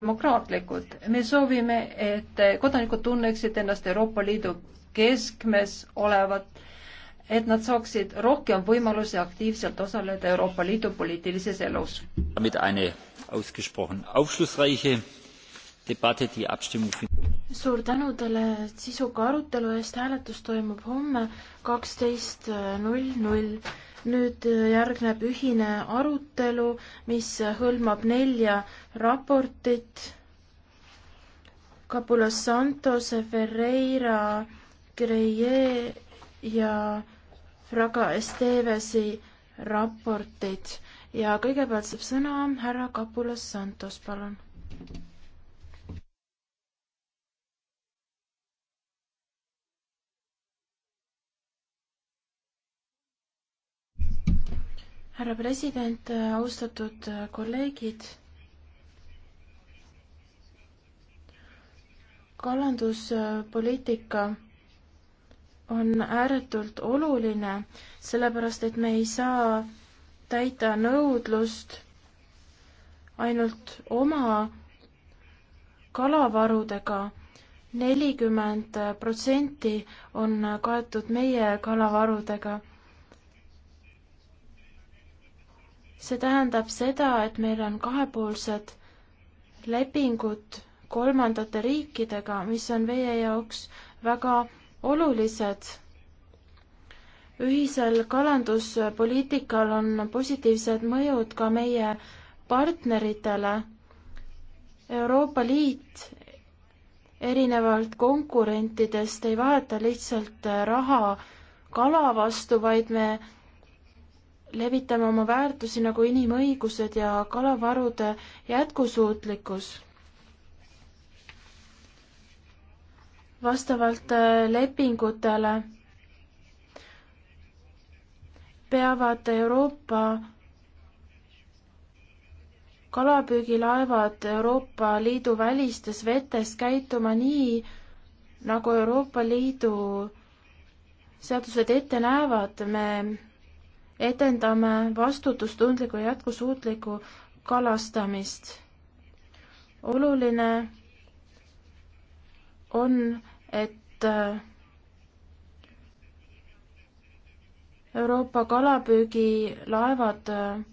demokraatlikud. me soovime, et kodanikud tunneksid ennast Euroopa Liidu keskmes olevat, et nad saaksid rohkem võimalusi aktiivselt osaleda Euroopa Liidu poliitilises elus. suur tänu teile sisuka arutelu eest, hääletus toimub homme kaksteist null null nüüd äh, järgneb ühine arutelu, mis hõlmab nelja raportit. Capulas Santos, Ferreira, Greie ja Fraga Estevesi raportid ja kõigepealt saab sõna härra Capulas Santos, palun härra president, austatud kolleegid. kalanduspoliitika on ääretult oluline, sellepärast et me ei saa täita nõudlust ainult oma kalavarudega. nelikümmend protsenti on kaetud meie kalavarudega see tähendab seda, et meil on kahepoolsed lepingud kolmandate riikidega, mis on meie jaoks väga olulised. ühisel kalanduspoliitikal on positiivsed mõjud ka meie partneritele. Euroopa Liit erinevalt konkurentidest ei vaheta lihtsalt raha kala vastu, vaid me levitame oma väärtusi nagu inimõigused ja kalavarude jätkusuutlikkus. vastavalt äh, lepingutele peavad Euroopa kalapüügilaevad Euroopa Liidu välistes vetes käituma nii, nagu Euroopa Liidu seadused ette näevad, me edendame vastutustundlikku ja jätkusuutlikku kalastamist. oluline on, et äh, Euroopa kalapüügilaevad äh,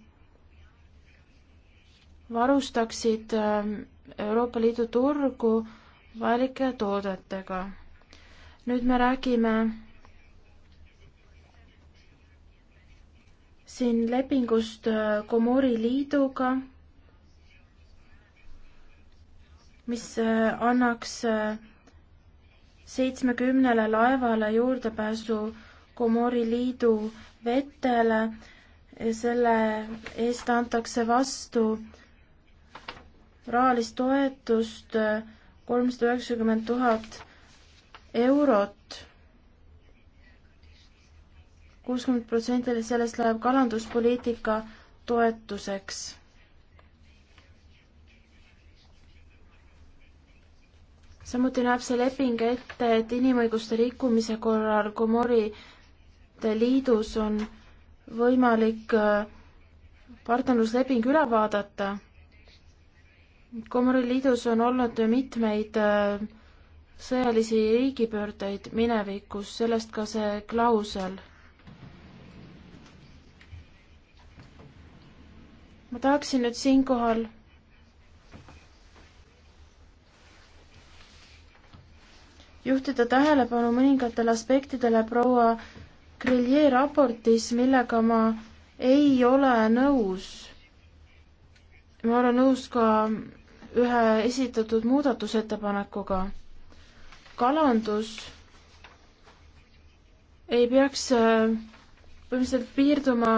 varustaksid äh, Euroopa Liidu turgu valike toodetega. nüüd me räägime siin lepingust äh, Komori liiduga, mis äh, annaks äh, seitsmekümnele laevale juurdepääsu Komori liidu vetele ja selle eest antakse vastu rahalist toetust kolmsada üheksakümmend tuhat eurot kuuskümmend protsenti sellest läheb kalanduspoliitika toetuseks. samuti näeb see leping ette, et inimõiguste rikkumise korral Komoride liidus on võimalik äh, partnerlusleping üle vaadata. Komori liidus on olnud mitmeid äh, sõjalisi riigipöördeid minevikus, sellest ka see klausel ma tahaksin nüüd siinkohal juhtida tähelepanu mõningatele aspektidele proua Grillier raportis, millega ma ei ole nõus. ma olen nõus ka ühe esitatud muudatusettepanekuga. kalandus ei peaks äh, põhimõtteliselt piirduma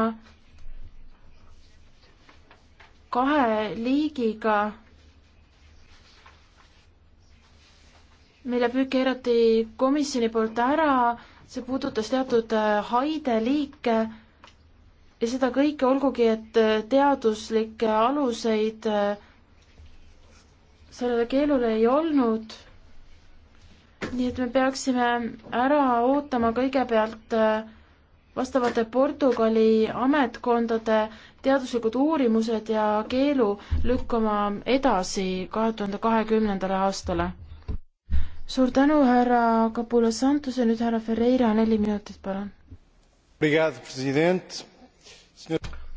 kahe liigiga, mille püük keerati komisjoni poolt ära, see puudutas teatud äh, haide liike ja seda kõike olgugi, et äh, teaduslikke aluseid äh, sellele keelule ei olnud. nii et me peaksime ära ootama kõigepealt äh, vastavate Portugali ametkondade teaduslikud uurimused ja keelu lükkama edasi kahe tuhande kahekümnendale aastale. suur tänu, härra Capula Santos ja nüüd härra Ferreira, neli minutit, palun.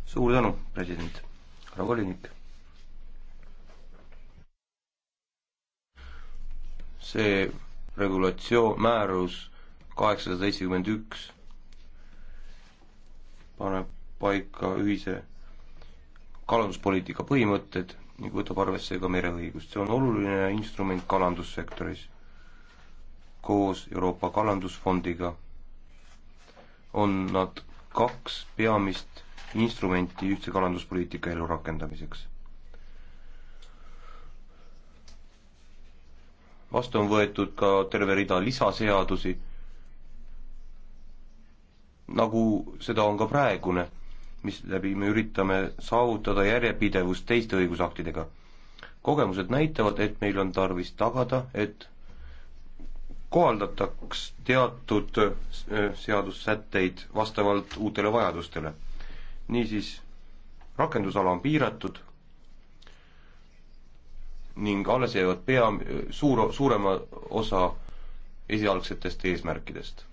suur tänu, president, härra volinik. see regulatsioon, määrus kaheksasada seitsekümmend üks paneb paika ühise kalanduspoliitika põhimõtted ning võtab arvesse ka mereõigust. see on oluline instrument kalandussektoris. koos Euroopa Kalandusfondiga on nad kaks peamist instrumenti ühtse kalanduspoliitika elu rakendamiseks. vastu on võetud ka terve rida lisaseadusi nagu seda on ka praegune, mis läbi me üritame saavutada järjepidevust teiste õigusaktidega. kogemused näitavad, et meil on tarvis tagada, et kohaldataks teatud äh, seadussätteid vastavalt uutele vajadustele. niisiis, rakendusala on piiratud ning alles jäävad pea, äh, suur, suurema osa esialgsetest eesmärkidest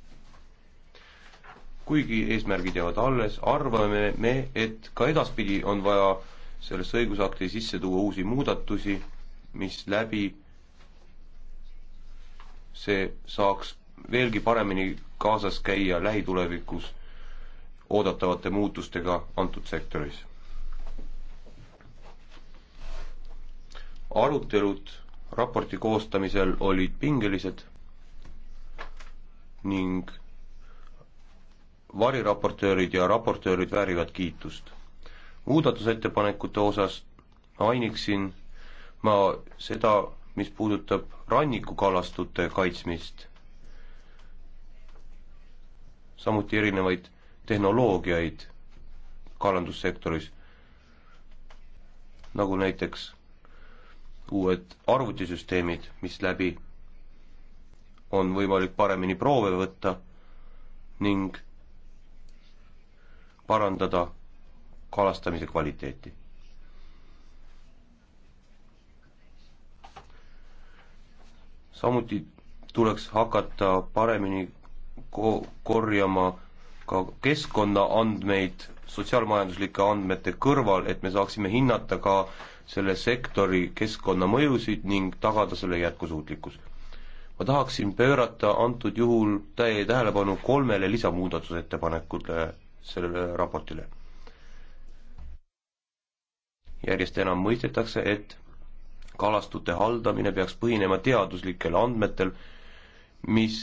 kuigi eesmärgid jäävad alles, arvame me, et ka edaspidi on vaja sellesse õigusakti sisse tuua uusi muudatusi, mis läbi see saaks veelgi paremini kaasas käia lähitulevikus oodatavate muutustega antud sektoris. arutelud raporti koostamisel olid pingelised ning variraportöörid ja raportöörid väärivad kiitust. muudatusettepanekute osas mainiksin ma seda, mis puudutab rannikukalastute kaitsmist, samuti erinevaid tehnoloogiaid kalandussektoris, nagu näiteks uued arvutisüsteemid, mis läbi on võimalik paremini proove võtta ning parandada kalastamise kvaliteeti. samuti tuleks hakata paremini ko-, korjama ka keskkonnaandmeid sotsiaalmajanduslike andmete kõrval, et me saaksime hinnata ka selle sektori keskkonnamõjusid ning tagada selle jätkusuutlikkus ma tahaksin pöörata antud juhul täie tähelepanu kolmele lisamuudatusettepanekule sellele raportile. järjest enam mõistetakse, et kalastute haldamine peaks põhinema teaduslikel andmetel, mis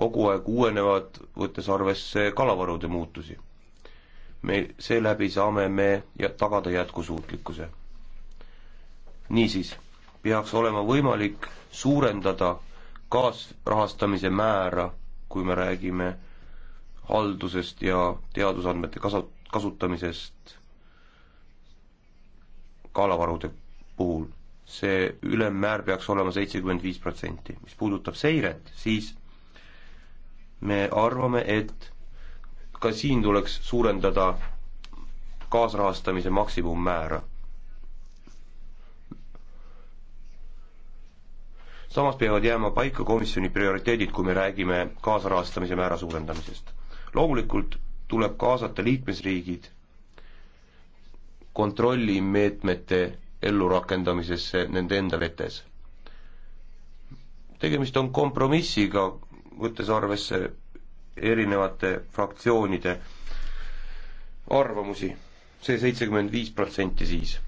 kogu aeg uuenevad, võttes arvesse kalavarude muutusi. me seeläbi saame me tagada jätkusuutlikkuse. niisiis, peaks olema võimalik suurendada kaasrahastamise määra, kui me räägime haldusest ja teadusandmete kasu-, kasutamisest kalavarude puhul. see ülemmäär peaks olema seitsekümmend viis protsenti. mis puudutab seiret, siis me arvame, et ka siin tuleks suurendada kaasrahastamise maksimummäära. samas peavad jääma paika komisjoni prioriteedid, kui me räägime kaasrahastamise määra suurendamisest loomulikult tuleb kaasata liikmesriigid kontrollimeetmete ellurakendamisesse nende enda vetes. tegemist on kompromissiga, võttes arvesse erinevate fraktsioonide arvamusi, see seitsekümmend viis protsenti siis.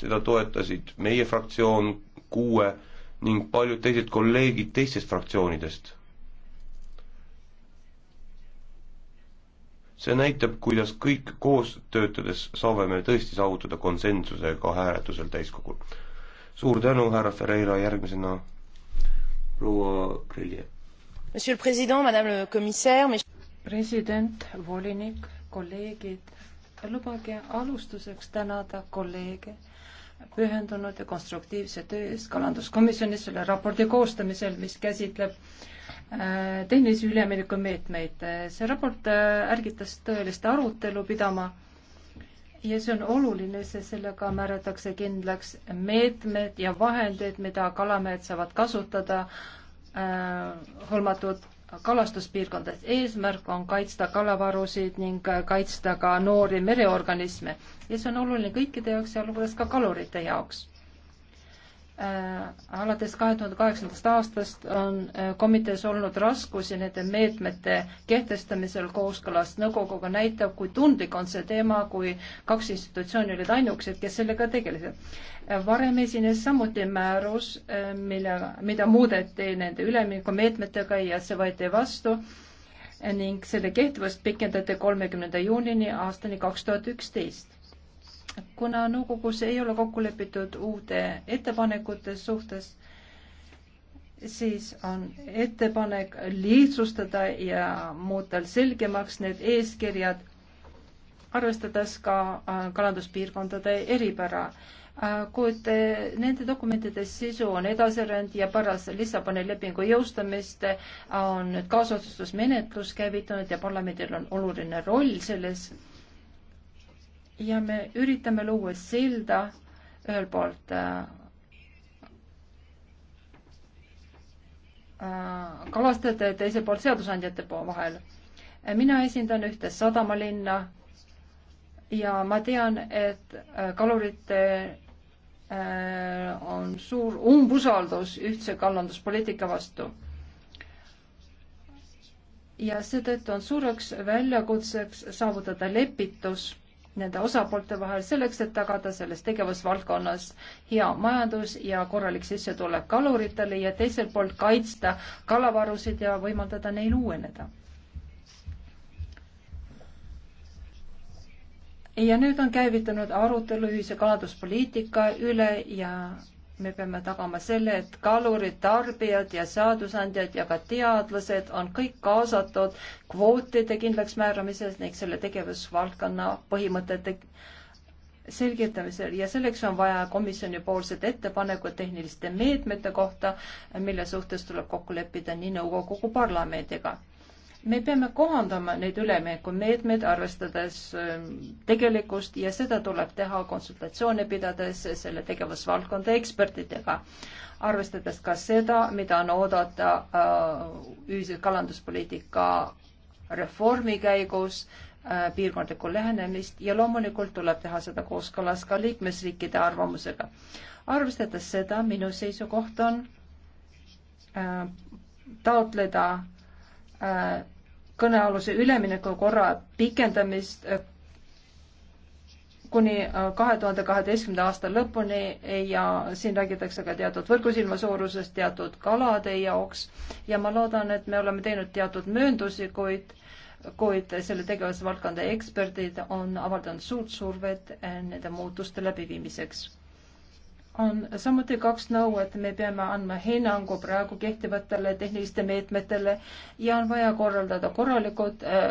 seda toetasid meie fraktsioon, kuue ning paljud teised kolleegid teistest fraktsioonidest see näitab, kuidas kõik koos töötades saame me tõesti saavutada konsensuse ka hääletusel täiskogul. suur tänu, härra Ferreira, järgmisena proua Grilje. Monsieur le Président, Madame le Commissaire, mes president, volinik, kolleegid, lubage alustuseks tänada kolleege pühendunud ja konstruktiivse töö eest kalanduskomisjonis selle raporti koostamisel, mis käsitleb äh, Äh, tehnilise ülemineku meetmeid. see raport äh, ärgitas tõelist arutelu pidama ja see on oluline, sest sellega määratakse kindlaks meetmed ja vahendid, mida kalamehed saavad kasutada äh, hõlmatud kalastuspiirkondades. eesmärk on kaitsta kalavarusid ning äh, kaitsta ka noori mereorganisme ja see on oluline kõikide jaoks, sealhulgas ka kalurite jaoks. Äh, alates kahe tuhande kaheksandast aastast on äh, komitees olnud raskusi nende meetmete kehtestamisel kooskõlas nõukoguga, näitab, kui tundlik on see teema, kui kaks institutsiooni olid ainukesed, kes sellega tegelesid. Äh, varem esines samuti määrus, mille, mida muudeti nende üleminekumeetmetega ja see võeti vastu ning selle kehtivust pikendati kolmekümnenda juunini aastani kaks tuhat üksteist kuna nõukogus ei ole kokku lepitud uute ettepanekute suhtes, siis on ettepanek lihtsustada ja muuta selgemaks need eeskirjad, arvestades ka äh, kalanduspiirkondade eripära. Äh, kuid äh, nende dokumentide sisu on edasirend ja pärast Lissaboni lepingu jõustamist on nüüd kaasotsustusmenetlus käivitunud ja parlamendil on oluline roll selles ja me üritame luua silda ühelt poolt äh, äh, kalastajate ja teiselt poolt seadusandjate vahel. mina esindan ühte sadamalinna ja ma tean, et äh, kalurite on suur umbusaldus ühtse kallanduspoliitika vastu. ja seetõttu on suureks väljakutseks saavutada lepitus nende osapoolte vahel selleks, et tagada selles tegevusvaldkonnas hea majandus ja korralik sissetulek kaluritele ja teiselt poolt kaitsta kalavarusid ja võimaldada neil uueneda. ja nüüd on käivitunud arutelu ühise kalanduspoliitika üle ja me peame tagama selle, et kalurid, tarbijad ja seadusandjad ja ka teadlased on kõik kaasatud kvootide kindlaksmääramises ning selle tegevusvaldkonna põhimõtete selgitamisel ja selleks on vaja komisjonipoolset ettepanekut tehniliste meetmete kohta, mille suhtes tuleb kokku leppida nii nõukogu kui parlamendiga me peame kohandama neid üleminekumeetmeid, arvestades ähm, tegelikkust ja seda tuleb teha konsultatsioone pidades selle tegevusvaldkonda ekspertidega. arvestades ka seda, mida on oodata äh, ühise kalanduspoliitika reformi käigus, äh, piirkondlikku lähenemist ja loomulikult tuleb teha seda kooskõlas ka liikmesriikide arvamusega. arvestades seda, minu seisukoht on äh, taotleda kõnealuse üleminekukorra pikendamist äh, kuni äh, kahe tuhande kaheteistkümnenda aasta lõpuni ja siin räägitakse ka teatud võrgusilma suurusest, teatud kalade jaoks ja ma loodan, et me oleme teinud teatud mööndusi, kuid, kuid selle tegevusvaldkonda eksperdid on avaldanud suurt survet äh, nende muutuste läbiviimiseks on samuti kaks nõuet, me peame andma hinnangu praegu kehtivatele tehniliste meetmetele ja on vaja korraldada korralikud äh,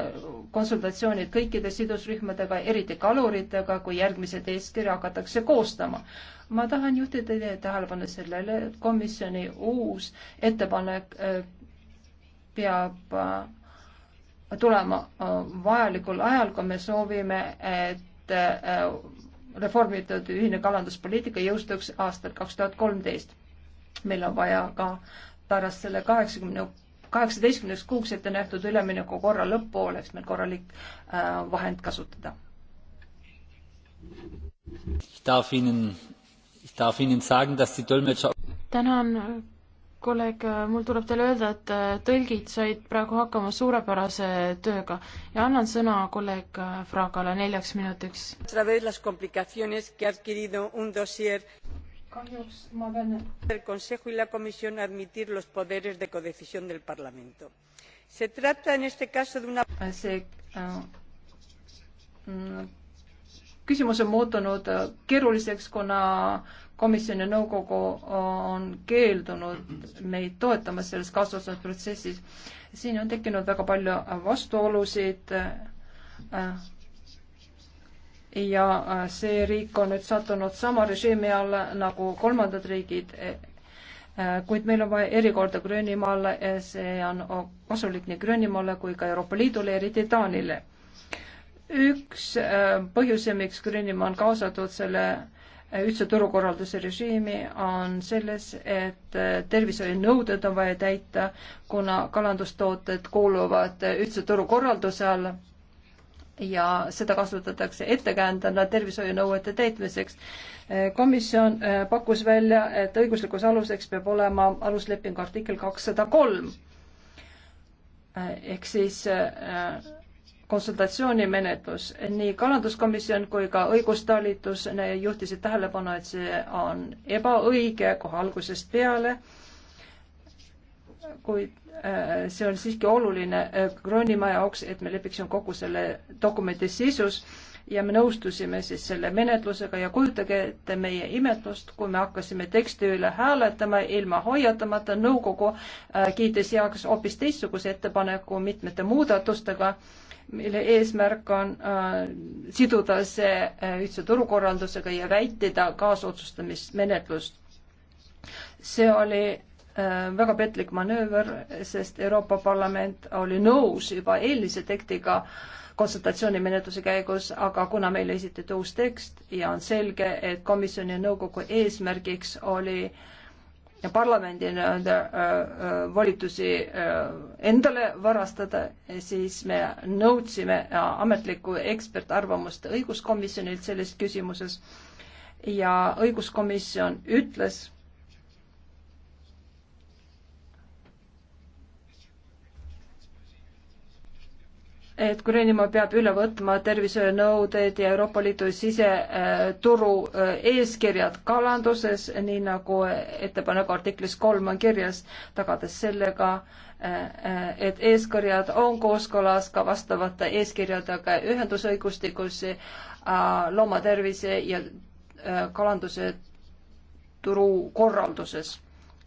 konsultatsioonid kõikide sidusrühmadega, eriti kaluritega, kui järgmised eeskirja hakatakse koostama. ma tahan juhtida teie tähelepanu sellele, et komisjoni uus ettepanek äh, peab äh, tulema vajalikul ajal, kui me soovime, et reformitud ühine kalanduspoliitika jõustuks aastal kaks tuhat kolmteist. meil on vaja ka pärast selle kaheksakümne, kaheksateistkümneks kuuks ette nähtud ülemineku korra lõppu oleks meil korralik äh, vahend kasutada. tänan kolleeg, mul tuleb teile öelda, et äh, tõlgid said praegu hakkama suurepärase tööga ja annan sõna kolleeg äh, Fragale neljaks minutiks. kahjuks ma pean. El Consejo y la Comisión admitir los poderes de codecisión del Parlamento. Se trata en este caso de una. Äh, see äh, mm, küsimus on muutunud keeruliseks, kuna komisjon ja nõukogu on keeldunud meid toetamas selles kasvatusprotsessis. siin on tekkinud väga palju vastuolusid. ja see riik on nüüd sattunud sama režiimi alla nagu kolmandad riigid. kuid meil on vaja erikorda Gröönimaale, see on kasulik nii Gröönimaale kui ka Euroopa Liidule, eriti Taanile. üks põhjusi, miks Gröönimaa on kaasatud selle ühtse turukorralduse režiimi, on selles, et tervishoiunõuded on vaja täita, kuna kalandustooted kuuluvad ühtse turukorralduse alla ja seda kasutatakse ettekäändena tervishoiunõuete täitmiseks. komisjon äh, pakkus välja, et õiguslikuks aluseks peab olema aluslepingu artikkel kakssada kolm äh, ehk siis äh, konsultatsioonimenetlus, nii kalanduskomisjon kui ka õigustalitus juhtisid tähelepanu, et see on ebaõige kohe algusest peale, kuid äh, see on siiski oluline äh, Kroonimaa jaoks, et me lepiksime kokku selle dokumendi sisus ja me nõustusime siis selle menetlusega ja kujutage ette meie imetlust, kui me hakkasime teksti üle hääletama ilma hoiatamata, nõukogu äh, kiitis heaks hoopis teistsuguse ettepaneku mitmete muudatustega äh, mille eesmärk on äh, siduda see äh, ühtse turukorraldusega ja vältida kaasotsustamismenetlust. see oli äh, väga petlik manööver, sest Euroopa Parlament oli nõus juba eelmise tekstiga konsultatsioonimenetluse käigus, aga kuna meile esitati uus tekst ja on selge, et komisjoni ja nõukogu eesmärgiks oli äh, ja parlamendi nii-öelda äh, äh, volitusi äh, endale varastada, siis me nõudsime ametlikku ekspertarvamust õiguskomisjonilt selles küsimuses ja õiguskomisjon ütles, et Gröönimaa peab üle võtma tervishoiunõudeid ja Euroopa Liidu siseturu äh, eeskirjad kalanduses, nii nagu ettepaneku artiklis kolm on kirjas, tagades sellega, äh, äh, et eeskirjad on kooskõlas ka vastavate eeskirjadega ühendusõigustikus loomatervise ja kalanduse turukorralduses.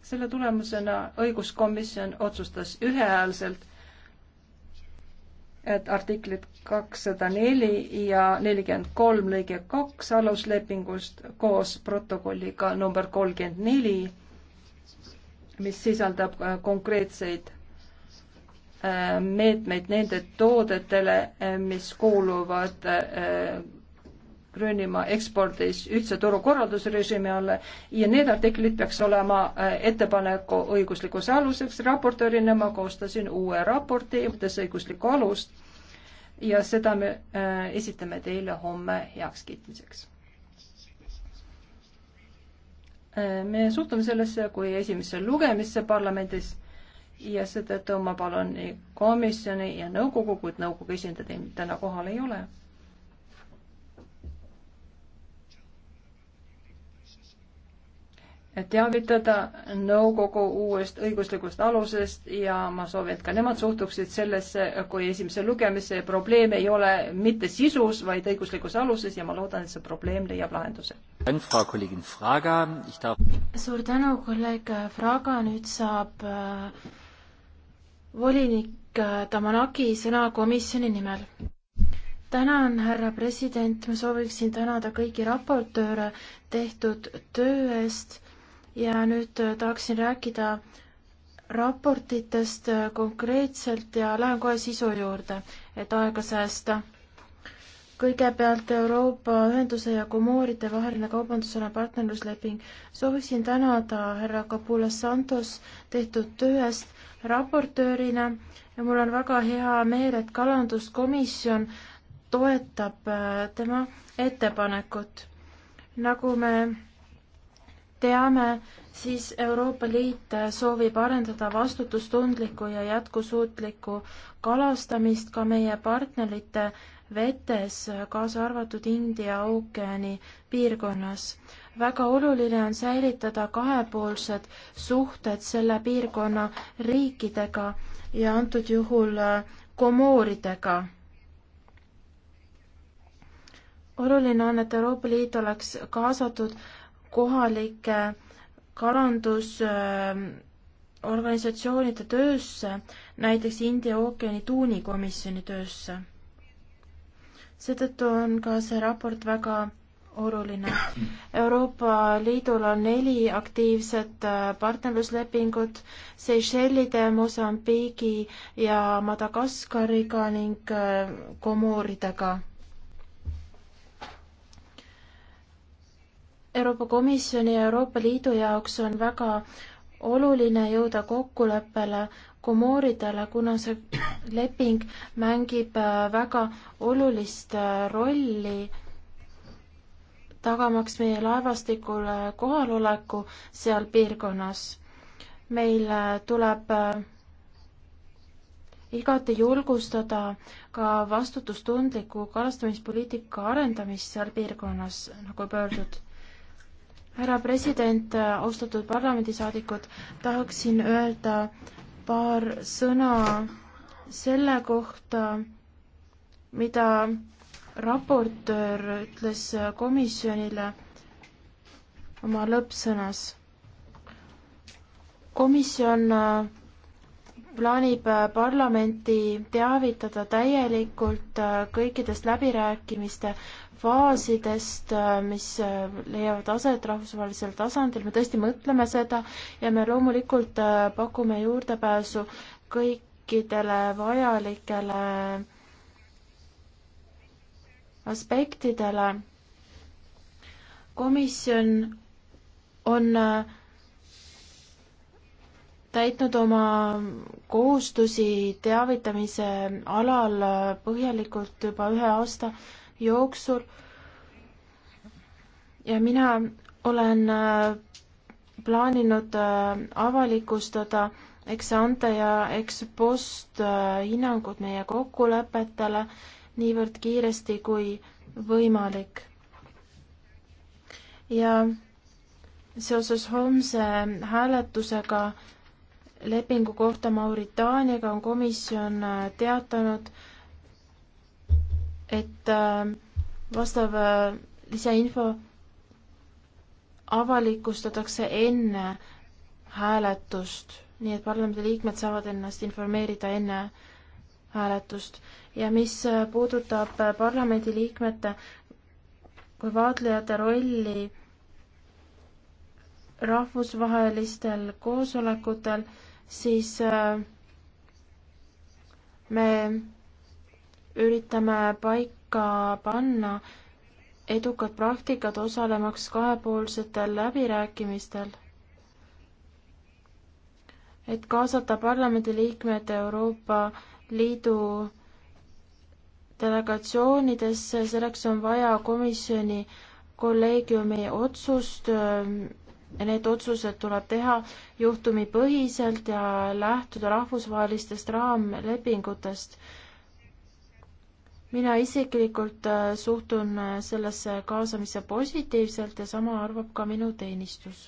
selle tulemusena õiguskomisjon otsustas ühehäälselt et artiklid kakssada neli ja nelikümmend kolm lõige kaks aluslepingust koos protokolliga number kolmkümmend neli, mis sisaldab äh, konkreetseid äh, meetmeid nende toodetele, äh, mis kuuluvad Gröönimaa ekspordis ühtse turukorraldusrežiimi alla ja need artiklid peaks olema äh, ettepaneku õiguslikuks aluseks. raportöörina ma koostasin uue raporti õiguslikku alust ja seda me äh, esitame teile homme heakskiitmiseks. Äh, me suhtume sellesse kui esimesse lugemisse parlamendis ja seetõttu ma palun nii komisjoni ja nõukogu, kuid nõukogu esindajaid täna kohal ei ole teavitada nõukogu uuest õiguslikust alusest ja ma soovin, et ka nemad suhtuksid sellesse kui esimese lugemise probleem ei ole mitte sisus, vaid õiguslikus aluses ja ma loodan, et see probleem leiab lahenduse. suur tänu, kolleeg Fraga, nüüd saab äh, volinik äh, Tamanaki sõna komisjoni nimel tänan, härra president, ma sooviksin tänada kõiki raportööre tehtud töö eest ja nüüd äh, tahaksin rääkida raportitest äh, konkreetselt ja lähen kohe sisu juurde, et aega säästa. kõigepealt Euroopa Ühenduse ja Komooride vaheline kaubandusala partnerlusleping. sooviksin tänada härra Capulas Santos tehtud töö eest raportöörina ja mul on väga hea meel, et kalanduskomisjon toetab äh, tema ettepanekut. nagu me teame, siis Euroopa Liit soovib arendada vastutustundlikku ja jätkusuutlikku kalastamist ka meie partnerite vetes, kaasa arvatud India ookeani piirkonnas. väga oluline on säilitada kahepoolsed suhted selle piirkonna riikidega ja antud juhul äh, komooridega. oluline on, et Euroopa Liit oleks kaasatud kohalike kalandusorganisatsioonide töösse, näiteks India ookeani tuunikomisjoni töösse. seetõttu on ka see raport väga oluline. Euroopa Liidul on neli aktiivset äh, partnerluslepingut Seychellide, Mosambiigi ja Madagaskariga ning äh, Komoridega Euroopa Komisjoni ja Euroopa Liidu jaoks on väga oluline jõuda kokkuleppele Komoridele, kuna see leping mängib äh, väga olulist äh, rolli tagamaks meie laevastikule kohaloleku seal piirkonnas. meil äh, tuleb igati julgustada ka vastutustundliku kalastamispoliitika arendamist seal piirkonnas, nagu pöördud härra president, austatud parlamendisaadikud, tahaksin öelda paar sõna selle kohta, mida raportöör ütles komisjonile oma lõppsõnas. komisjon äh, plaanib äh, parlamenti teavitada täielikult äh, kõikidest läbirääkimiste faasidest, mis äh, leiavad aset rahvusvahelisel tasandil, me tõesti mõtleme seda ja me loomulikult äh, pakume juurdepääsu kõikidele vajalikele aspektidele. komisjon on äh, täitnud oma kohustusi teavitamise alal põhjalikult juba ühe aasta jooksul. ja mina olen äh, plaaninud äh, avalikustada eks ante ja eks post äh, hinnangud meie kokkulepetele niivõrd kiiresti kui võimalik. ja seoses homse hääletusega lepingu kohta Mauritaaniaga on komisjon teatanud, et äh, vastav äh, lisainfo avalikustatakse enne hääletust, nii et parlamendiliikmed saavad ennast informeerida enne hääletust. ja mis äh, puudutab parlamendiliikmete kui vaatlejate rolli rahvusvahelistel koosolekutel, siis me üritame paika panna edukad praktikad osalemaks kahepoolsetel läbirääkimistel, et kaasata parlamendiliikmed Euroopa Liidu delegatsioonidesse, selleks on vaja komisjoni kolleegiumi otsust, need otsused tuleb teha juhtumipõhiselt ja lähtuda rahvusvahelistest raamlepingutest mina isiklikult äh, suhtun äh, sellesse kaasamisse positiivselt ja sama arvab ka minu teenistus.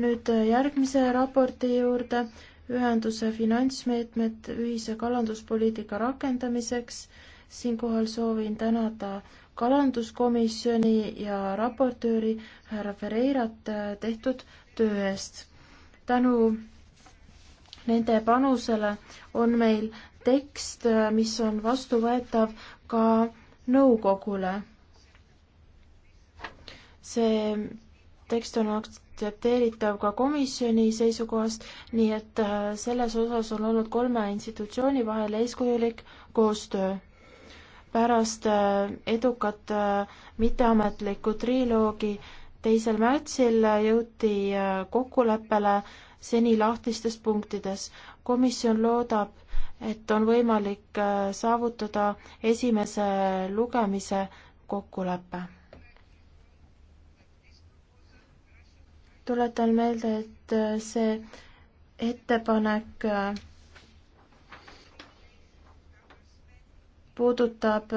nüüd äh, järgmise raporti juurde, ühenduse finantsmeetmed ühise kalanduspoliitika rakendamiseks. siinkohal soovin tänada kalanduskomisjoni ja raportööri härra Ferreirat tehtud töö eest. tänu nende panusele on meil tekst, äh, mis on vastuvõetav ka nõukogule. see tekst on aktsepteeritav ka komisjoni seisukohast, nii et äh, selles osas on olnud kolme institutsiooni vahel eeskujulik koostöö. pärast äh, edukat mitteametlikku triloogi teisel märtsil jõuti kokkuleppele seni lahtistes punktides. komisjon loodab, et on võimalik äh, saavutada esimese lugemise kokkulepe. tuletan meelde, et äh, see ettepanek äh, puudutab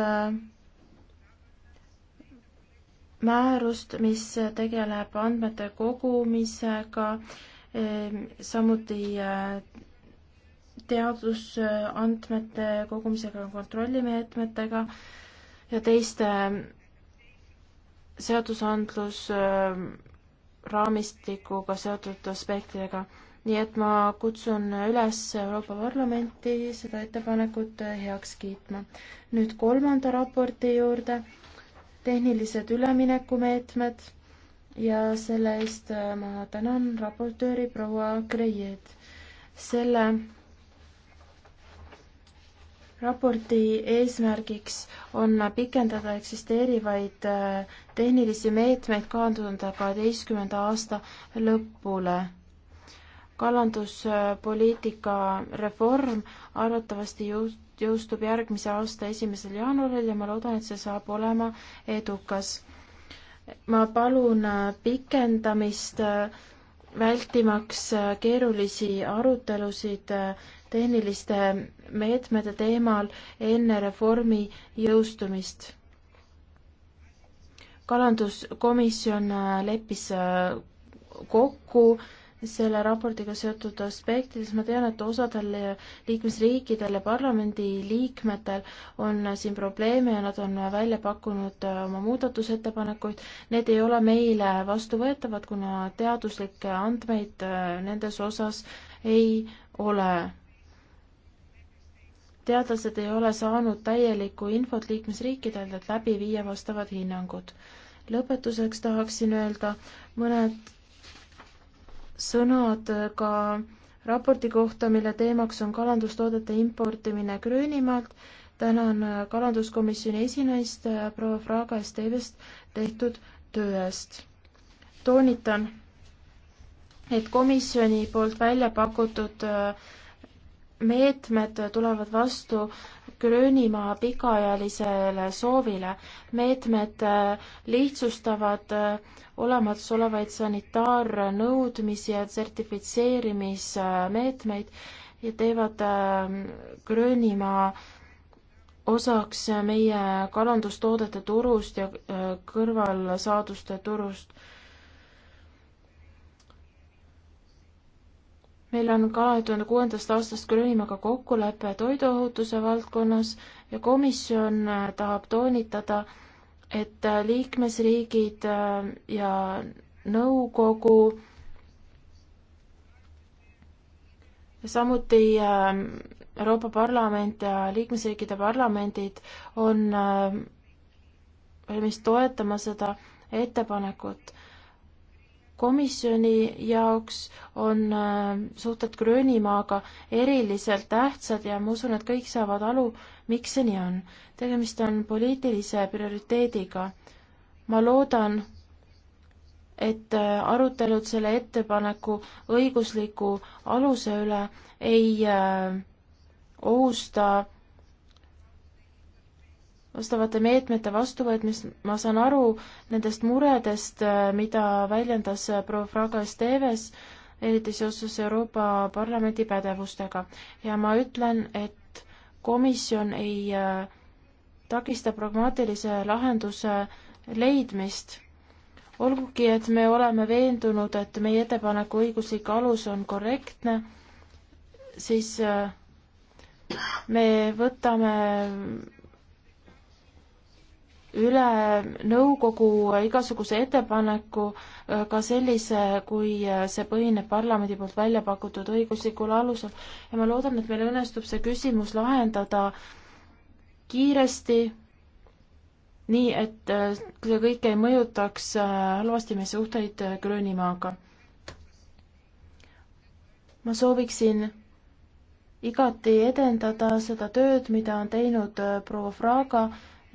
määrust, mis tegeleb andmete kogumisega, samuti teadusandmete kogumisega, kontrollimeetmetega ja teiste seadusandlusraamistikuga seotud aspektidega. nii et ma kutsun üles Euroopa Parlamenti seda ettepanekut heaks kiitma. nüüd kolmanda raporti juurde, tehnilised üleminekumeetmed ja selle eest ma tänan raportööri proua Kreiet. selle raporti eesmärgiks on pikendada eksisteerivaid äh, tehnilisi meetmeid kahe tuhande kaheteistkümnenda aasta lõpule. kalanduspoliitika reform arvatavasti jõustub järgmise aasta esimesel jaanuaril ja ma loodan, et see saab olema edukas. ma palun äh, pikendamist äh, vältimaks keerulisi arutelusid tehniliste meetmete teemal enne reformi jõustumist. kalanduskomisjon äh, leppis äh, kokku selle raportiga seotud aspektides, ma tean, et osadel liikmesriikidel ja parlamendi liikmetel on äh, siin probleeme ja nad on välja pakkunud oma muudatusettepanekuid. Need ei ole meile vastuvõetavad, kuna teaduslikke andmeid nendes osas ei ole teadlased ei ole saanud täielikku infot liikmesriikidelt, et läbi viia vastavad hinnangud. lõpetuseks tahaksin öelda mõned sõnad ka raporti kohta, mille teemaks on kalandustoodete importimine Gröönimaalt. tänan kalanduskomisjoni esinaist proua Fraga Estevest tehtud töö eest. toonitan, et komisjoni poolt välja pakutud äh, meetmed tulevad vastu Gröönimaa pikaajalisele soovile. meetmed äh, lihtsustavad äh, olemasolevaid sanitaarnõudmisi ja sertifitseerimismeetmeid ja teevad äh, Gröönimaa osaks meie kalandustoodete turust ja kõrvalsaaduste turust meil on kahe tuhande kuuendast aastast küll ühimaga kokkulepe toiduohutuse valdkonnas ja komisjon äh, tahab toonitada, et äh, liikmesriigid äh, ja nõukogu samuti Euroopa Parlament ja liikmesriikide parlamendid on valmis toetama seda ettepanekut komisjoni jaoks on äh, suhted Gröönimaaga eriliselt tähtsad ja ma usun, et kõik saavad aru, miks see nii on. tegemist on poliitilise prioriteediga. ma loodan, et äh, arutelud selle ettepaneku õigusliku aluse üle ei äh, ohusta vastavate meetmete vastuvõtmist, ma saan aru nendest muredest, äh, mida väljendas äh, proua Fraga Esteves, eriti seoses Euroopa Parlamendi pädevustega. ja ma ütlen, et komisjon ei äh, takista pragmaatilise lahenduse leidmist. olgugi, et me oleme veendunud, et meie ettepaneku õiguslik alus on korrektne, siis me võtame üle nõukogu igasuguse ettepaneku äh, ka sellise, kui äh, see põhineb parlamendi poolt välja pakutud õiguslikul alusel ja ma loodan, et meil õnnestub see küsimus lahendada kiiresti, nii et äh, see kõik ei mõjutaks halvasti meie suhteid Gröönimaaga. ma sooviksin igati edendada seda tööd, mida on teinud proua Fraga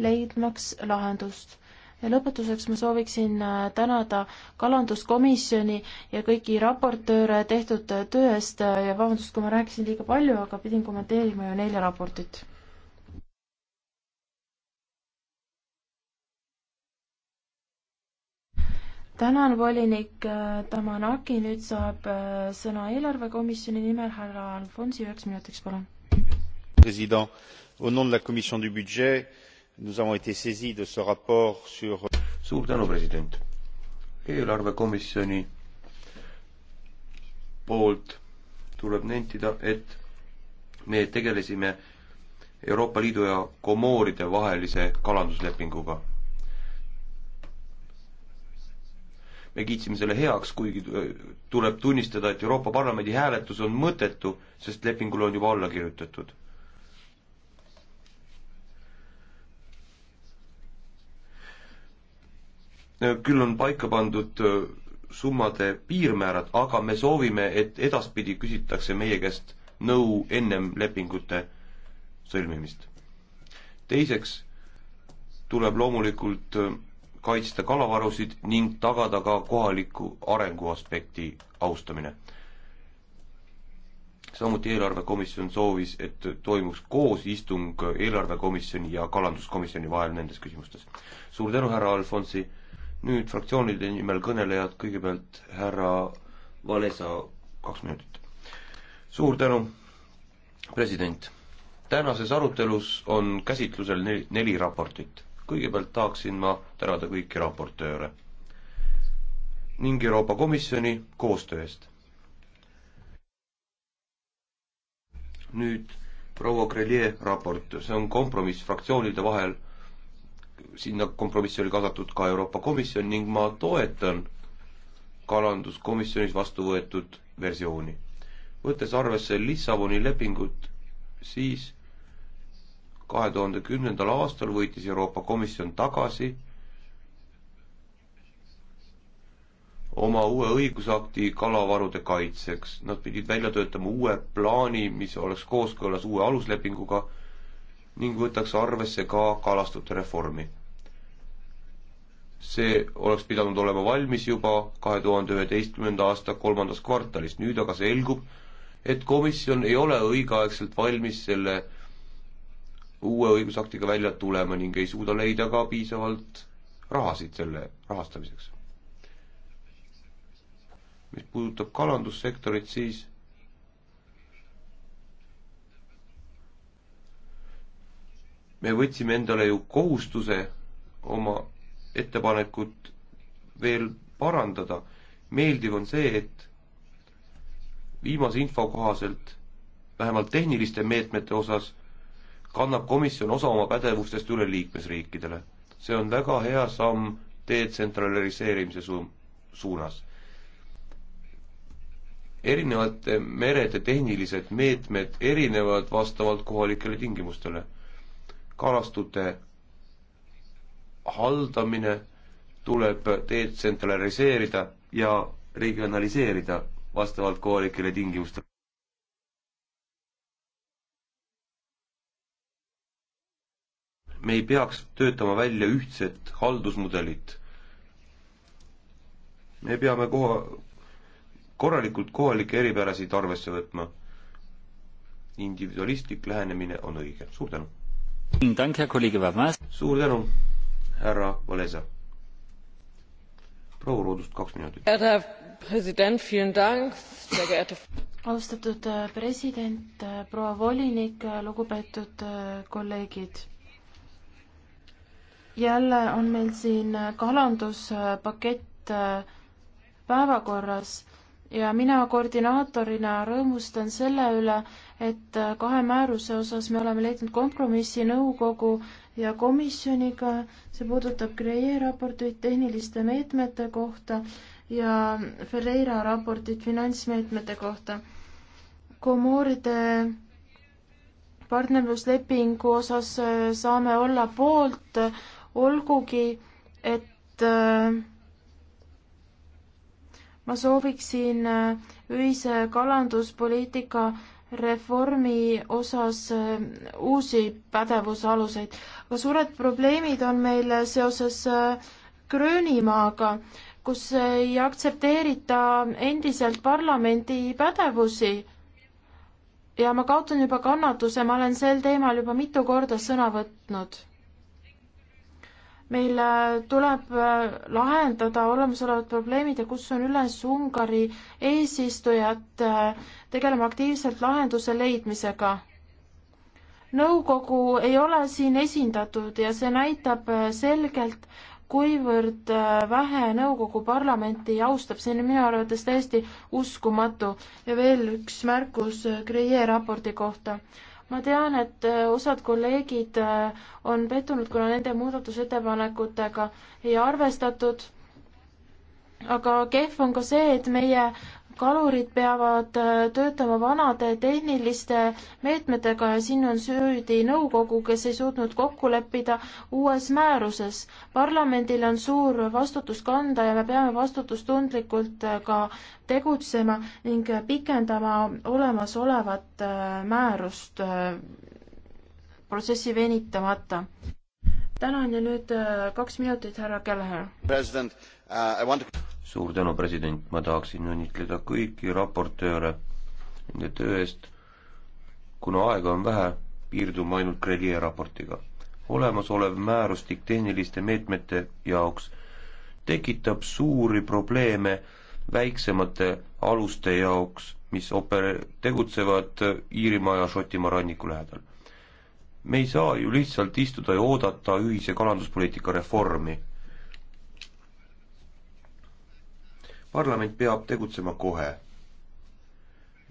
leidmaks lahendust. ja lõpetuseks ma sooviksin äh, tänada kalanduskomisjoni ja kõiki raportööre tehtud äh, töö eest äh, ja vabandust, kui ma rääkisin liiga palju, aga pidin kommenteerima ju nelja raportit. tänan, volinik Tamanaki, nüüd saab sõna eelarvekomisjoni nimel härra Alfonsi üheks minutiks, palun. president, au nom de la commission du budget nous avons été saisis de ce rapport sur suur tänu, president. eelarvekomisjoni poolt tuleb nentida, et me tegelesime Euroopa Liidu ja Komooride vahelise kalanduslepinguga. me kiitsime selle heaks, kuigi äh, tuleb tunnistada, et Euroopa Parlamendi hääletus on mõttetu, sest lepingule on juba alla kirjutatud. küll on paika pandud summade piirmäärad, aga me soovime, et edaspidi küsitakse meie käest nõu ennem lepingute sõlmimist. teiseks tuleb loomulikult kaitsta kalavarusid ning tagada ka kohaliku arengu aspekti austamine. samuti eelarvekomisjon soovis, et toimuks koosistung eelarvekomisjoni ja kalanduskomisjoni vahel nendes küsimustes. suur tänu, härra Alfonsi nüüd fraktsioonide nimel kõnelejad, kõigepealt härra Valesa, kaks minutit. suur tänu, president. tänases arutelus on käsitlusel neli, neli raportit. kõigepealt tahaksin ma tänada kõiki raportööre ning Euroopa Komisjoni koostöö eest. nüüd proua Grelier raport, see on kompromiss fraktsioonide vahel sinna kompromissi oli kaasatud ka Euroopa Komisjon ning ma toetan kalanduskomisjonis vastu võetud versiooni. võttes arvesse Lissaboni lepingut, siis kahe tuhande kümnendal aastal võitis Euroopa Komisjon tagasi oma uue õigusakti kalavarude kaitseks. Nad pidid välja töötama uue plaani, mis oleks kooskõlas uue aluslepinguga ning võtaks arvesse ka kalastute reformi. see oleks pidanud olema valmis juba kahe tuhande üheteistkümnenda aasta kolmandas kvartalis, nüüd aga selgub, et komisjon ei ole õigeaegselt valmis selle uue õigusaktiga välja tulema ning ei suuda leida ka piisavalt rahasid selle rahastamiseks. mis puudutab kalandussektorit, siis me võtsime endale ju kohustuse oma ettepanekut veel parandada. meeldiv on see, et viimase info kohaselt, vähemalt tehniliste meetmete osas, kannab komisjon osa oma pädevustest üle liikmesriikidele. see on väga hea samm detsentraliseerimise su-, suunas. erinevate merede tehnilised meetmed erinevad vastavalt kohalikele tingimustele kalastute haldamine tuleb detsentraliseerida ja regionaliseerida vastavalt kohalikele tingimustele. me ei peaks töötama välja ühtset haldusmudelit. me peame koha, korralikult kohalikke eripärasid arvesse võtma. individualistlik lähenemine on õige, suur tänu! suur tänu, härra Valesa. proua Roodust kaks minutit. austatud äh, president, äh, proua volinik, äh, lugupeetud kolleegid jälle on meil siin kalanduspakett päevakorras ja mina koordinaatorina rõõmustan selle üle, et kahe määruse osas me oleme leidnud kompromissi nõukogu ja komisjoniga, see puudutab Greie raportit tehniliste meetmete kohta ja Ferreira raportit finantsmeetmete kohta. Komoride partnerluslepingu osas eh, saame olla poolt, olgugi et äh, ma sooviksin äh, ühise kalanduspoliitika reformi osas äh, uusi pädevusaluseid, aga suured probleemid on meil seoses äh, Gröönimaaga, kus ei aktsepteerita endiselt parlamendi pädevusi ja ma kaotan juba kannatuse, ma olen sel teemal juba mitu korda sõna võtnud meil äh, tuleb äh, lahendada olemasolevad probleemid ja kutsun üles Ungari eesistujat äh, tegelema aktiivselt lahenduse leidmisega. nõukogu ei ole siin esindatud ja see näitab selgelt, kuivõrd vähe nõukogu parlamenti austab, see on minu arvates täiesti uskumatu. ja veel üks märkus Greie raporti kohta ma tean, et äh, osad kolleegid äh, on pettunud, kuna nende muudatusettepanekutega ei arvestatud, aga kehv on ka see, et meie kalurid peavad äh, töötama vanade tehniliste meetmetega ja siin on süüdi nõukogu, kes ei suutnud kokku leppida uues määruses. parlamendil on suur vastutus kanda ja me peame vastutustundlikult äh, ka tegutsema ning pikendama olemasolevat äh, määrust protsessi venitamata. tänan ja nüüd kaks minutit, härra Kelleher. president uh,. Want... suur tänu, president, ma tahaksin õnnitleda kõiki raportööre nende töö eest. kuna aega on vähe, piirdume ainult Grelier raportiga. olemasolev määrustik tehniliste meetmete jaoks tekitab suuri probleeme väiksemate aluste jaoks, mis oper-, tegutsevad Iirimaa ja Šotimaa ranniku lähedal. me ei saa ju lihtsalt istuda ja oodata ühise kalanduspoliitika reformi parlament peab tegutsema kohe.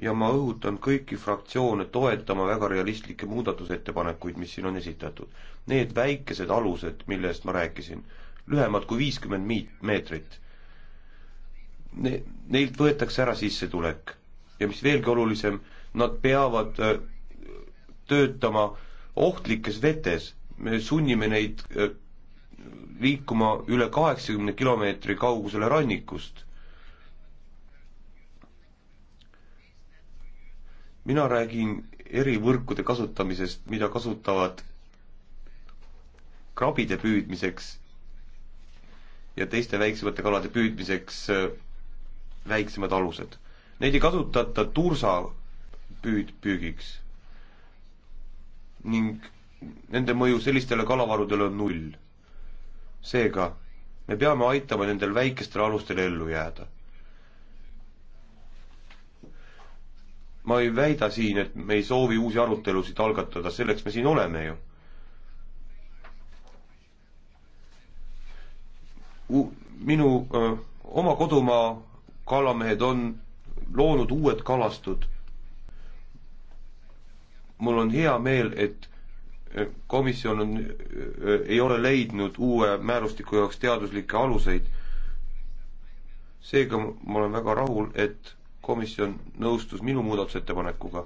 ja ma õhutan kõiki fraktsioone toetama väga realistlikke muudatusettepanekuid, mis siin on esitatud. Need väikesed alused, millest ma rääkisin, lühemad kui viiskümmend miit-, meetrit ne-, neilt võetakse ära sissetulek ja mis veelgi olulisem, nad peavad töötama ohtlikes vetes, me sunnime neid liikuma üle kaheksakümne kilomeetri kaugusele rannikust. mina räägin erivõrkude kasutamisest, mida kasutavad krabide püüdmiseks ja teiste väiksemate kalade püüdmiseks äh, väiksemad alused. Neid ei kasutata tursa püüd, püügiks ning nende mõju sellistele kalavarudele on null. seega, me peame aitama nendel väikestel alustel ellu jääda ma ei väida siin, et me ei soovi uusi arutelusid algatada, selleks me siin oleme ju U. minu öö, oma kodumaa kalamehed on loonud uued kalastud. mul on hea meel, et komisjon on, ei ole leidnud uue määrustiku jaoks teaduslikke aluseid. seega ma olen väga rahul, et komisjon nõustus minu muudatusettepanekuga,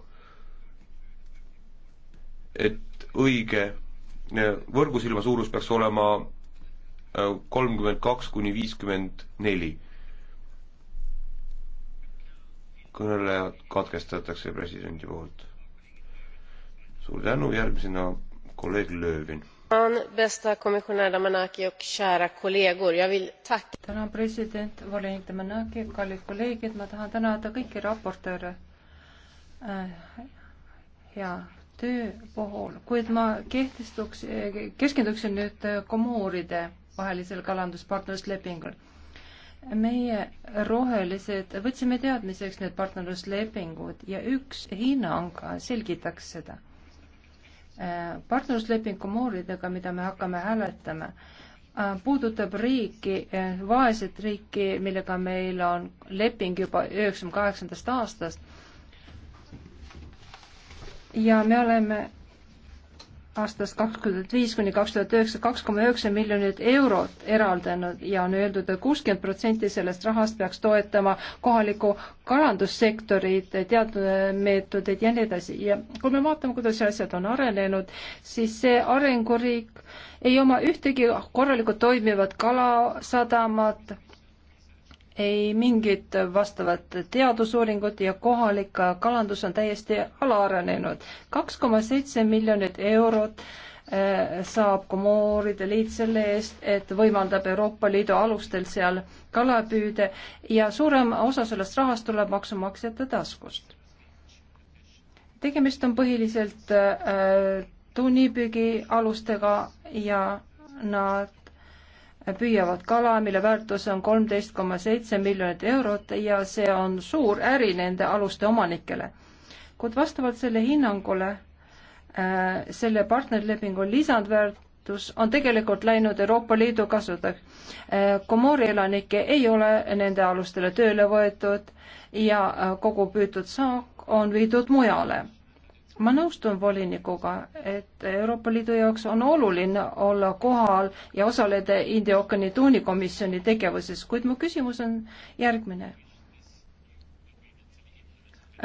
et õige võrgusilma suurus peaks olema äh, kolmkümmend kaks kuni viiskümmend neli. kõnelejad katkestatakse presidendi poolt. suur tänu, järgmisena kolleeg Löövin tänan president volinik damanaki kallid kolleegid ma tahan tänada kõiki raportööre äh, hea töö puhul kuid ma kehtistuks keskenduksin nüüd komooride vahelisel kalanduspartnerluslepingul meie rohelised võtsime teadmiseks need partnerluslepingud ja üks hinnang selgitaks seda partnerluslepingu mooridega, mida me hakkame hääletama, äh, puudutab riiki, äh, vaesed riiki, millega meil on leping juba üheksakümne kaheksandast aastast. ja me oleme aastast kakskümmend viis kuni kaks tuhat üheksa kaks koma üheksa miljonit eurot eraldanud ja on öeldud et, et kuuskümmend protsenti sellest rahast peaks toetama kohalikku kalandussektorit, teadmeetodeid ja nii edasi ja kui me vaatame, kuidas asjad on arenenud, siis see arenguriik ei oma ühtegi korralikult toimivat kalasadamat, ei mingit vastavat teadusuuringut ja kohalik kalandus on täiesti alaarenenud. kaks koma seitse miljonit eurot eh, saab Komooride liit selle eest, et võimaldab Euroopa Liidu alustel seal kalapüüde ja suurem osa sellest rahast tuleb maksumaksjate taskust. tegemist on põhiliselt äh, tunnipüügialustega ja nad püüavad kala, mille väärtus on kolmteist koma seitse miljonit eurot ja see on suur äri nende aluste omanikele. kuid vastavalt selle hinnangule äh, selle partnerlepingu lisandväärtus on tegelikult läinud Euroopa Liidu kasutada äh,. Komori elanikke ei ole nende alustele tööle võetud ja äh, kogu püütud saak on viidud mujale ma nõustun volinikuga, et Euroopa Liidu jaoks on oluline olla kohal ja osaleda India ookeani tuunikomisjoni tegevuses, kuid mu küsimus on järgmine.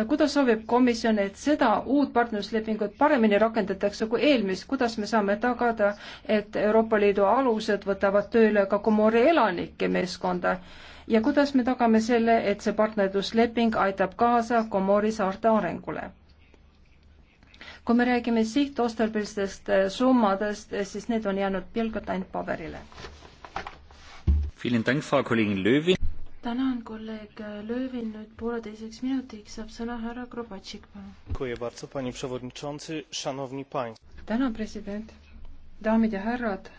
kuidas soovib komisjon, et seda uut partnerluslepingut paremini rakendatakse kui eelmist, kuidas me saame tagada, et Euroopa Liidu alused võtavad tööle ka Komori elanike meeskonda ja kuidas me tagame selle, et see partnerlusleping aitab kaasa Komori saarte arengule? kui me räägime sihtotstarbelistest eh, summadest, eh, siis need on jäänud pelgalt ainult paberile. tänan, kolleeg Löövin, nüüd pooleteiseks minutiks saab sõna härra Grobatšik, palun. tänan, president, daamid ja härrad.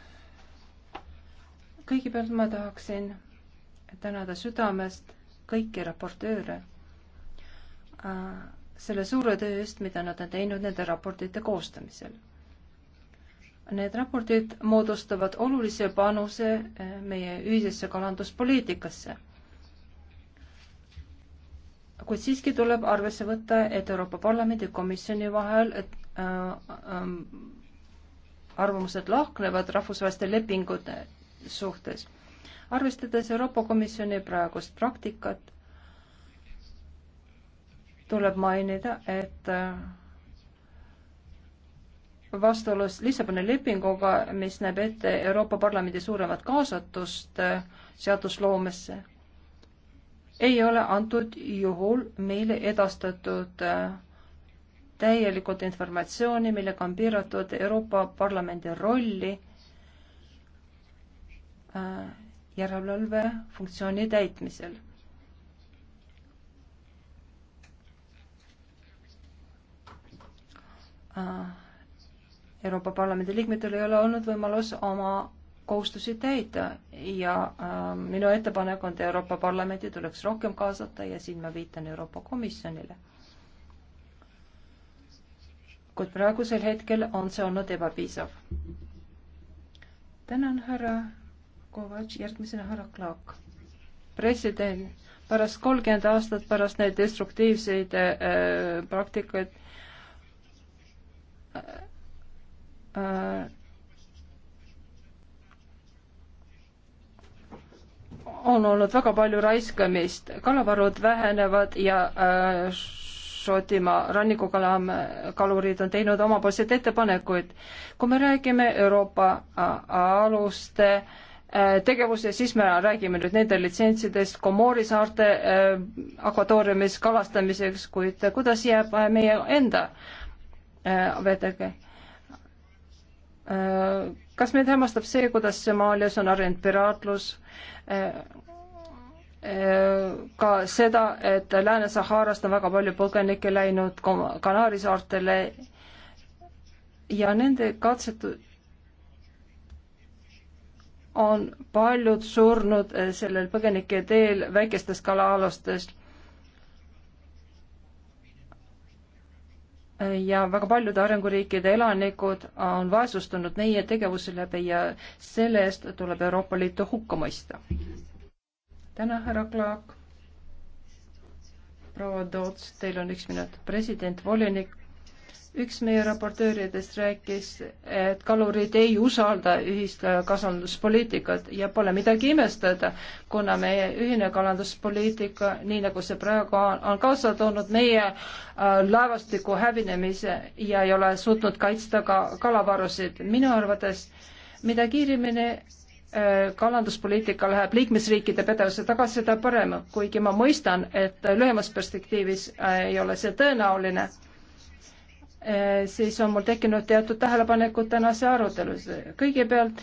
kõigepealt ma tahaksin tänada südamest kõiki raportööre äh, selle suure töö eest, mida nad on teinud nende raportite koostamisel. Need raportid moodustavad olulise panuse eh, meie ühisesse kalanduspoliitikasse. kuid siiski tuleb arvesse võtta, et Euroopa Parlamendi komisjoni vahel et, äh, äh, arvamused lahknevad rahvusvaheliste lepingute suhtes. arvestades Euroopa Komisjoni praegust praktikat tuleb mainida, et äh, vastuolus Lissaboni lepinguga, mis näeb ette Euroopa Parlamendi suuremat kaasatust äh, seadusloomesse, ei ole antud juhul meile edastatud äh, täielikult informatsiooni, millega on piiratud Euroopa Parlamendi rolli järelevalve funktsiooni täitmisel Äh, Euroopa Parlamendi liikmetel ei ole olnud võimalus oma kohustusi täita ja äh, minu ettepanek on, et Euroopa Parlamenti tuleks rohkem kaasata ja siin ma viitan Euroopa Komisjonile. kuid praegusel hetkel on see olnud ebapiisav. tänan, härra Kovatš, järgmisena härra Klaak. president, pärast kolmkümmend aastat pärast neid destruktiivseid äh, praktikaid Äh, on olnud väga palju raiskamist, kalavarud vähenevad ja äh, Šotimaa rannikukalurid on teinud omapoolseid ettepanekuid. kui me räägime Euroopa äh, aluste äh, tegevuse, siis me räägime nüüd nende litsentsidest Komori saarte äh, akvatooriumis kalastamiseks, kuid kuidas jääb meie enda äh, vedega äh,? kas meid hämmastab see, kuidas Somaalias on arenenud piraatlus? ka seda, et Lääne-Saharast on väga palju põgenikke läinud Kanaari saartele ja nende katsetud on paljud surnud sellel põgenike teel väikestes kalaalustes ja väga paljude arenguriikide elanikud on vaesustunud meie tegevuse läbi ja selle eest tuleb Euroopa Liitu hukka mõista. tänan, härra Klaak. proua Toots, teil on üks minut. president, volinik üks meie raportööridest rääkis, et kalurid ei usalda ühist äh, kasvanduspoliitikat ja pole midagi imestada, kuna meie ühine kalanduspoliitika, nii nagu see praegu on, on kaasa toonud meie äh, laevastiku hävinemise ja ei ole suutnud kaitsta ka kalavarusid. minu arvates, mida kiiremini äh, kalanduspoliitika läheb liikmesriikide pädevuse tagasi, seda parem, kuigi ma mõistan, et lühemas perspektiivis ei ole see tõenäoline Äh, siis on mul tekkinud teatud tähelepanekud tänase arutelus. kõigepealt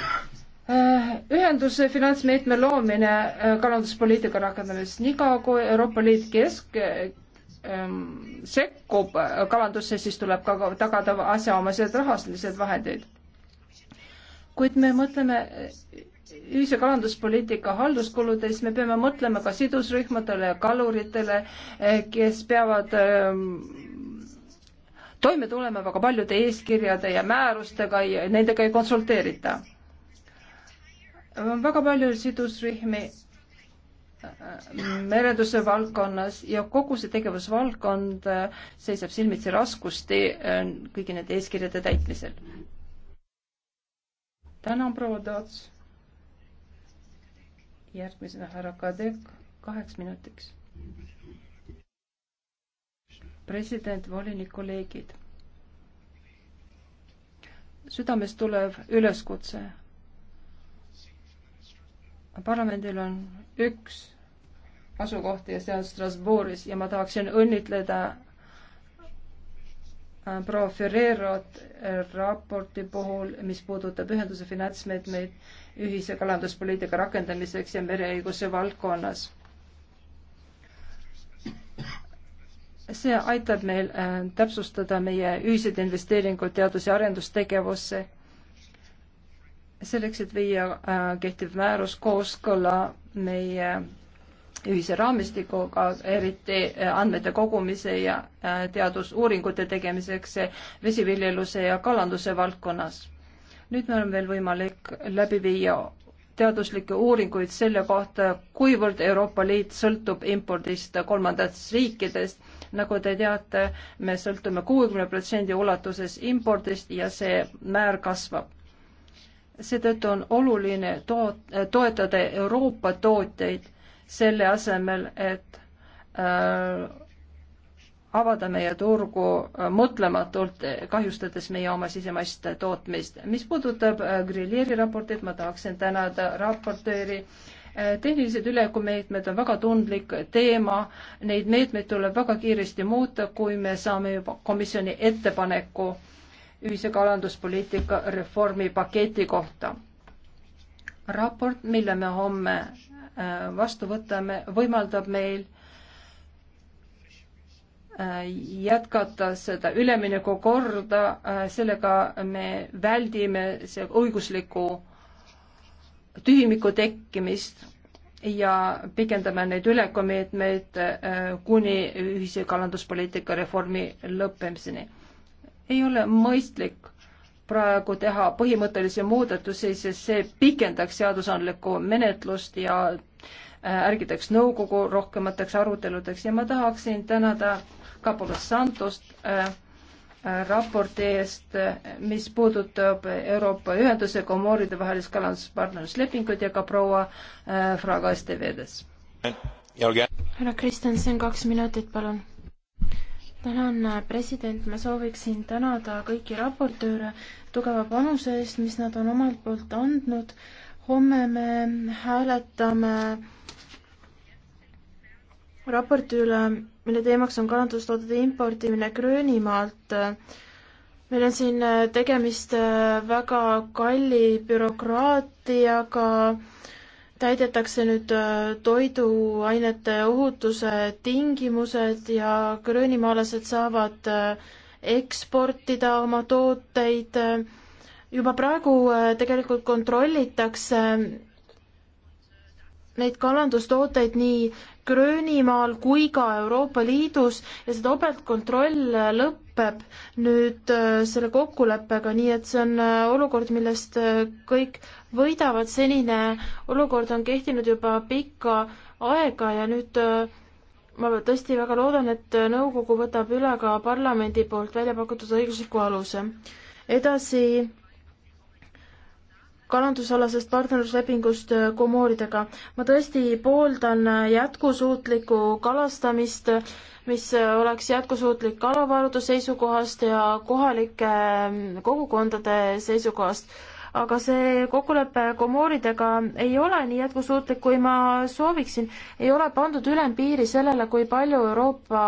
äh, ühenduse finantsmeetme loomine äh, kalanduspoliitika rakendamiseks, niikaua kui Euroopa Liit kesk ähm, sekkub kalandusse, siis tuleb ka tagada asjaomased rahastamised vahendid. kuid me mõtleme ühise kalanduspoliitika halduskulude, siis me peame mõtlema ka sidusrühmadele ja kaluritele, kes peavad ähm, toime tuleme väga paljude eeskirjade ja määrustega ja nendega ei konsulteerita. väga palju sidusrühmi äh, merenduse valdkonnas ja kogu see tegevusvaldkond äh, seisab silmitsi raskusti äh, kõigi nende eeskirjade täitmisel. tänan, proua Toots. järgmisena härra Kadek kaheks minutiks president, volinik, kolleegid. südamest tulev üleskutse. parlamendil on üks asukoht ja see on Strasbourgis ja ma tahaksin õnnitleda äh, proua Ferrerot äh, raporti puhul, mis puudutab ühenduse finantsmeetmeid ühise kalanduspoliitika rakendamiseks ja mereõiguse valdkonnas see aitab meil äh, täpsustada meie ühised investeeringud teadus- ja arendustegevusse, selleks, et viia äh, kehtiv määrus kooskõlla meie ühise raamistikuga, eriti äh, andmete kogumise ja teadusuuringute tegemiseks vesiviljeluse ja kalanduse valdkonnas. nüüd meil on veel võimalik läbi viia teaduslikke uuringuid selle kohta, kuivõrd Euroopa Liit sõltub impordist kolmandatest riikidest nagu te teate, me sõltume kuuekümne protsendi ulatuses impordist ja see määr kasvab. seetõttu on oluline toot-, toetada Euroopa tooteid selle asemel, et äh, avada meie turgu äh, mõtlematult, äh, kahjustades meie oma sisemaist tootmist. mis puudutab äh, Grilleri raportit, ma tahaksin tänada raportööri äh, Äh, tehnilised ülekumeetmed on väga tundlik teema, neid meetmeid tuleb väga kiiresti muuta, kui me saame juba komisjoni ettepaneku ühise kalanduspoliitika reformi paketi kohta. raport, mille me homme äh, vastu võtame, võimaldab meil äh, jätkata seda üleminekukorda, sellega me väldime see õigusliku tühimiku tekkimist ja pikendame neid ülekomeetmeid äh, kuni ühise kalanduspoliitika reformi lõppemiseni. ei ole mõistlik praegu teha põhimõttelisi muudatusi, sest see pikendaks seadusandlikku menetlust ja äh, ärgitaks nõukogu rohkemateks aruteludeks ja ma tahaksin tänada Kapolas Santost äh, raporti eest, mis puudutab Euroopa Ühenduse Komoride vahelist kalanduspartnerluslepingut ja ka proua äh, Fraga Estevedes. härra Kristjanson, kaks minutit, palun. tänan, äh, president, ma sooviksin tänada kõiki raportööre tugeva panuse eest, mis nad on omalt poolt andnud. homme me hääletame raporti üle mille teemaks on kalandustoodete importimine Gröönimaalt. meil on siin äh, tegemist äh, väga kalli bürokraatiaga, täidetakse nüüd äh, toiduainete ohutuse tingimused ja gröönimaalased saavad eksportida oma tooteid. juba praegu tegelikult kontrollitakse neid kalandustooteid nii Gröönimaal kui ka Euroopa Liidus ja see topeltkontroll lõpeb nüüd äh, selle kokkuleppega, nii et see on äh, olukord, millest äh, kõik võidavad, senine olukord on kehtinud juba pikka aega ja nüüd ma tõesti väga loodan, et nõukogu võtab üle ka parlamendi poolt välja pakutud õigusliku aluse. edasi kalandusalasest partnerluslepingust äh, Komooridega. ma tõesti pooldan äh, jätkusuutlikku kalastamist, mis äh, oleks jätkusuutlik kalavarude seisukohast ja kohalike ähm, kogukondade seisukohast. aga see kokkulepe Komooridega ei ole nii jätkusuutlik, kui ma sooviksin. ei ole pandud ülempiiri sellele, kui palju Euroopa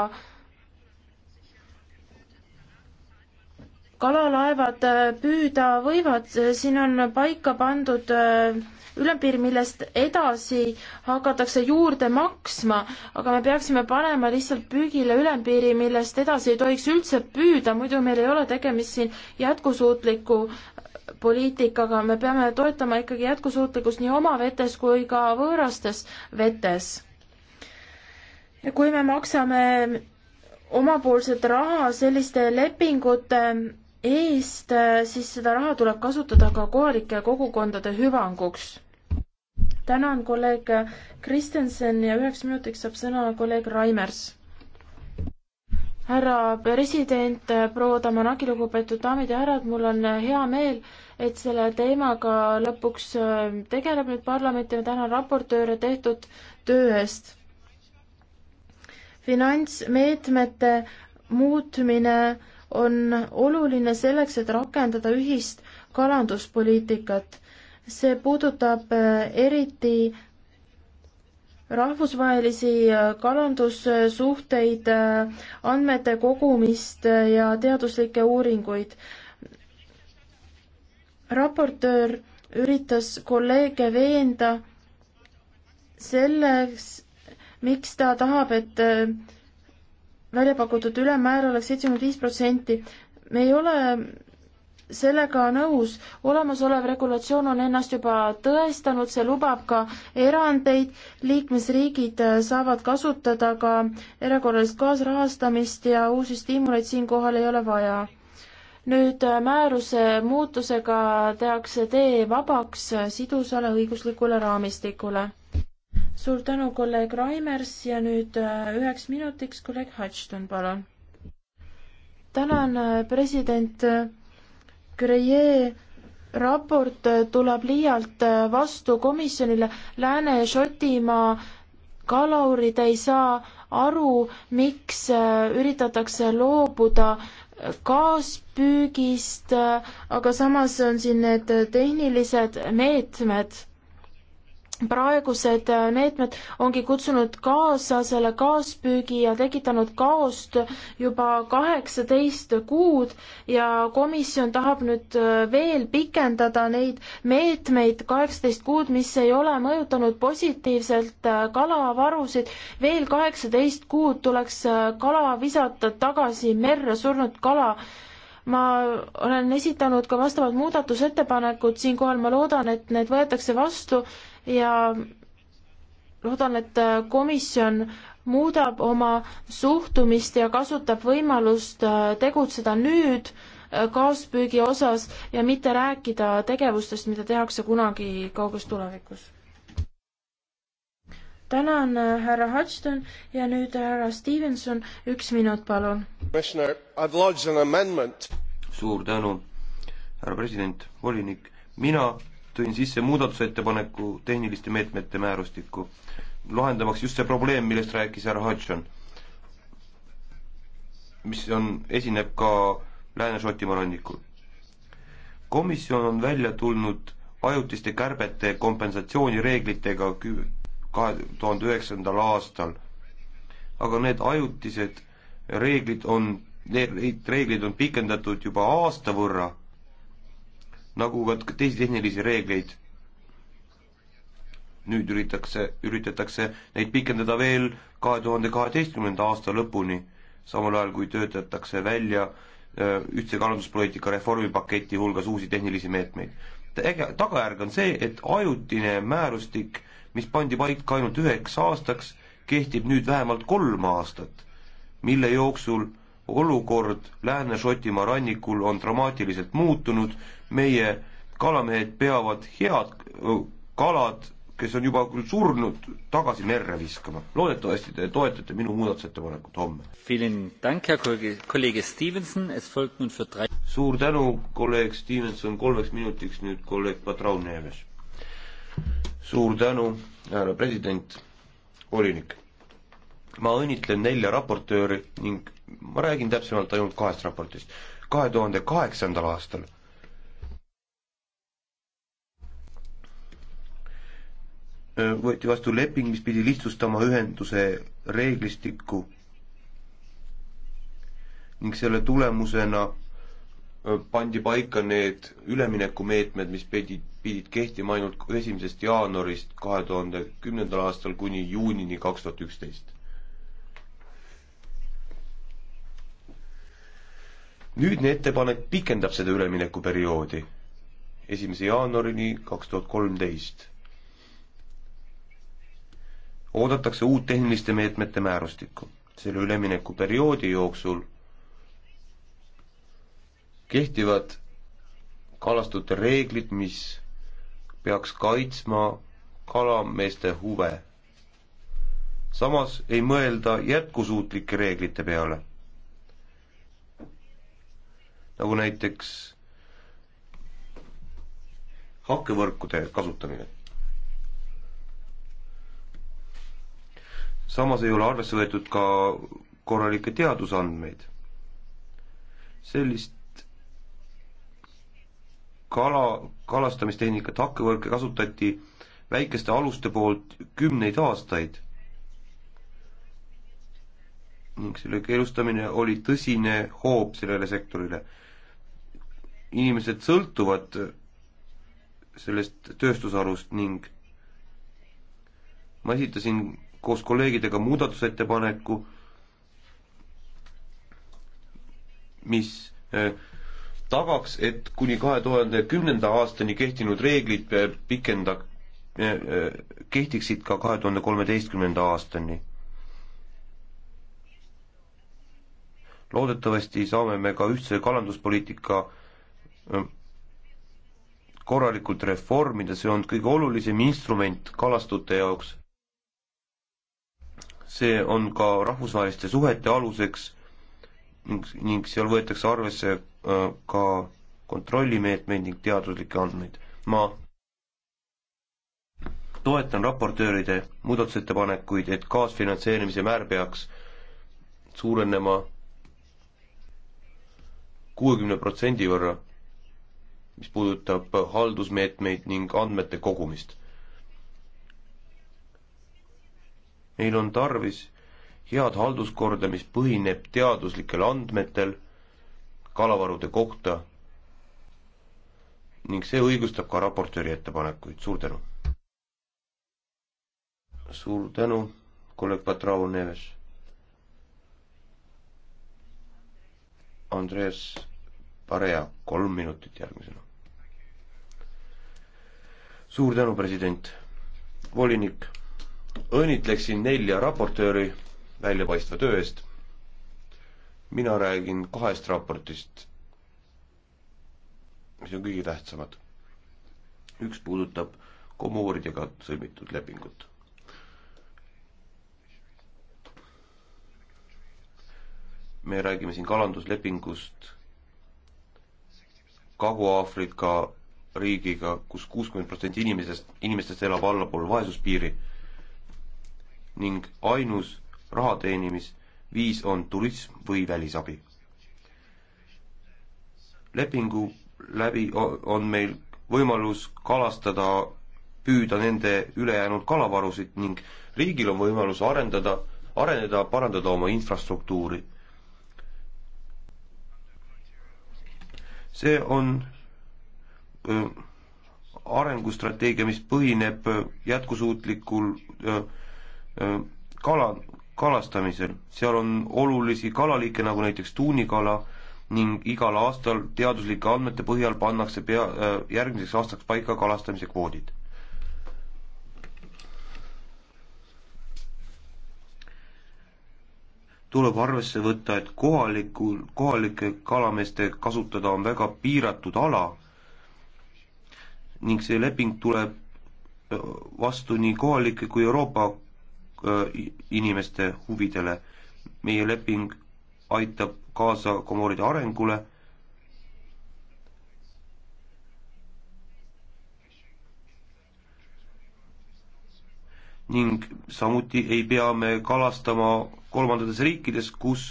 kalalaevad äh, püüda võivad, siin on paika pandud äh, ülempiir, millest edasi hakatakse juurde maksma, aga me peaksime panema lihtsalt püügile ülempiiri, millest edasi ei tohiks üldse püüda, muidu meil ei ole tegemist siin jätkusuutliku äh, poliitikaga, me peame toetama ikkagi jätkusuutlikkust nii oma vetes kui ka võõrastes vetes. ja kui me maksame omapoolset raha selliste lepingute eest, äh, siis seda raha tuleb kasutada ka kohalike kogukondade hüvanguks. tänan kolleeg Kristensen ja üheks minutiks saab sõna kolleeg Raimers. härra president, äh, proua Tamanaki, lugupeetud daamid ja härrad, mul on äh, hea meel, et selle teemaga lõpuks tegeleb nüüd parlament ja tänan raportööre tehtud töö eest. finantsmeetmete muutmine on oluline selleks, et rakendada ühist kalanduspoliitikat. see puudutab äh, eriti rahvusvahelisi äh, kalandussuhteid, äh, andmete kogumist ja teaduslikke uuringuid. raportöör üritas kolleege veenda selles, miks ta tahab, et välja pakutud ülemmäär oleks seitsekümmend viis protsenti. me ei ole sellega nõus, olemasolev regulatsioon on ennast juba tõestanud, see lubab ka erandeid, liikmesriigid äh, saavad kasutada ka erakorralist kaasrahastamist ja uusi stiimuleid siinkohal ei ole vaja. nüüd äh, määruse muutusega tehakse tee vabaks äh, sidusale õiguslikule raamistikule suur tänu, kolleeg Raimers ja nüüd äh, üheks minutiks kolleeg Hatchton, palun. tänan, äh, president Greer raport äh, tuleb liialt vastu komisjonile. Lääne-Šotimaa kalurid ei saa aru, miks üritatakse loobuda kaaspüügist, aga samas on siin need tehnilised meetmed praegused äh, meetmed ongi kutsunud kaasa selle kaaspüügi ja tekitanud kaost juba kaheksateist kuud ja komisjon tahab nüüd äh, veel pikendada neid meetmeid kaheksateist kuud, mis ei ole mõjutanud positiivselt äh, kalavarusid. veel kaheksateist kuud tuleks kala visata tagasi merre, surnud kala ma olen esitanud ka vastavad muudatusettepanekud siinkohal, ma loodan, et need võetakse vastu ja loodan, et komisjon muudab oma suhtumist ja kasutab võimalust äh, tegutseda nüüd äh, kaaspüügi osas ja mitte rääkida tegevustest, mida tehakse kunagi kauges tulevikus. tänan, äh, härra Hodgson ja nüüd härra Stevenson, üks minut, palun. suur tänu, härra president, volinik, mina tõin sisse muudatusettepaneku tehniliste meetmete määrustikku, lahendamaks just see probleem, millest rääkis härra Hodgson, mis on, esineb ka Lääne-Šotimaa rannikul. komisjon on välja tulnud ajutiste kärbete kompensatsioonireeglitega kü-, kahe tuhande üheksandal aastal, aga need ajutised reeglid on, need reeglid on pikendatud juba aasta võrra nagu ka teisi tehnilisi reegleid. nüüd üritatakse, üritatakse neid pikendada veel kahe tuhande kaheteistkümnenda aasta lõpuni, samal ajal kui töötatakse välja ühtse kalanduspoliitika reformipaketi hulgas uusi tehnilisi meetmeid. tagajärg on see, et ajutine määrustik, mis pandi paika ainult üheks aastaks, kehtib nüüd vähemalt kolm aastat, mille jooksul olukord Lääne-Šotimaa rannikul on dramaatiliselt muutunud, meie kalamehed peavad head kalad, kes on juba küll surnud, tagasi merre viskama. loodetavasti te toetate minu muudatusettepanekut homme. suur tänu, kolleeg Stevenson, kolmeks minutiks nüüd kolleeg Patraun Neves. suur tänu, härra president, volinik. ma õnnitlen nelja raportööri ning ma räägin täpsemalt ainult kahest raportist. kahe tuhande kaheksandal aastal võeti vastu leping, mis pidi lihtsustama ühenduse reeglistikku ning selle tulemusena pandi paika need üleminekumeetmed, mis pidid, pidid kehtima ainult esimesest jaanuarist kahe tuhande kümnendal aastal kuni juunini kaks tuhat üksteist. nüüdne ettepanek pikendab seda üleminekuperioodi esimese jaanuarini kaks tuhat kolmteist. oodatakse uut tehniliste meetmete määrustikku. selle üleminekuperioodi jooksul kehtivad kalastute reeglid, mis peaks kaitsma kalameeste huve. samas ei mõelda jätkusuutlike reeglite peale nagu näiteks hakkevõrkude kasutamine. samas ei ole arvesse võetud ka korralikke teadusandmeid. sellist kala, kalastamistehnikat, hakkevõrke kasutati väikeste aluste poolt kümneid aastaid ning selle keelustamine oli tõsine hoob sellele sektorile inimesed sõltuvad sellest tööstusharust ning ma esitasin koos kolleegidega muudatusettepaneku, mis äh, tagaks, et kuni kahe tuhande kümnenda aastani kehtinud reeglid äh, pikenda, äh, kehtiksid ka kahe tuhande kolmeteistkümnenda aastani loodetavasti saame me ka ühtse kalanduspoliitika korralikult reformida, see on kõige olulisem instrument kalastute jaoks. see on ka rahvusvaheliste suhete aluseks ning, ning seal võetakse arvesse äh, ka kontrollimeetmeid ning teaduslikke andmeid. ma toetan raportööride muudatusettepanekuid, et kaasfinantseerimise määr peaks suurenema kuuekümne protsendi võrra mis puudutab haldusmeetmeid ning andmete kogumist. meil on tarvis head halduskorda, mis põhineb teaduslikel andmetel kalavarude kohta ning see õigustab ka raportööri ettepanekuid, suur tänu! suur tänu, kolleeg Patrao Neves. Andres Pareja, kolm minutit järgmisena. suur tänu, president, volinik, õnnitleksin nelja raportööri väljapaistva töö eest. mina räägin kahest raportist, mis on kõige tähtsamad. üks puudutab komooridega sõlmitud lepingut me räägime siin kalanduslepingust Kagu-Aafrika riigiga kus, kus kuuskümmend protsenti inimesest, inimestest elab allapool vaesuspiiri ning ainus raha teenimisviis on turism või välisabi. lepingu läbi on meil võimalus kalastada, püüda nende ülejäänud kalavarusid ning riigil on võimalus arendada, areneda, parandada oma infrastruktuuri see on äh, arengustrateegia, mis põhineb äh, jätkusuutlikul äh, kala, kalastamisel. seal on olulisi kalaliike, nagu näiteks tuunikala, ning igal aastal teaduslike andmete põhjal pannakse pea, järgmiseks aastaks paika kalastamise kvoodid tuleb arvesse võtta, et kohalikul, kohalike kalameeste kasutada on väga piiratud ala ning see leping tuleb vastu nii kohalike kui Euroopa inimeste huvidele. meie leping aitab kaasa Komoride arengule ning samuti ei pea me kalastama kolmandates riikides, kus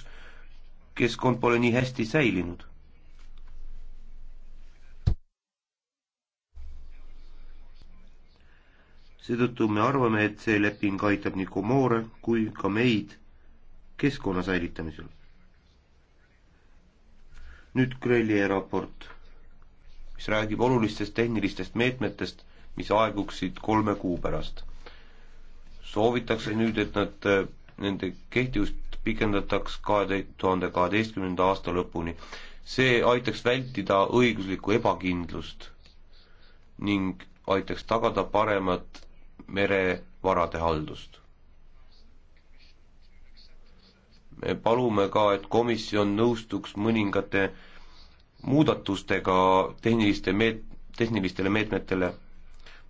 keskkond pole nii hästi säilinud. seetõttu me arvame, et see leping aitab nii Comore kui ka meid keskkonna säilitamisel. nüüd Grelli raport, mis räägib olulistest tehnilistest meetmetest, mis aeguksid kolme kuu pärast. soovitakse nüüd, et nad nende kehtivust pikendataks kahe tuhande kaheteistkümnenda aasta lõpuni. see aitaks vältida õiguslikku ebakindlust ning aitaks tagada paremat merevarade haldust. me palume ka, et komisjon nõustuks mõningate muudatustega tehniliste meet-, tehnilistele meetmetele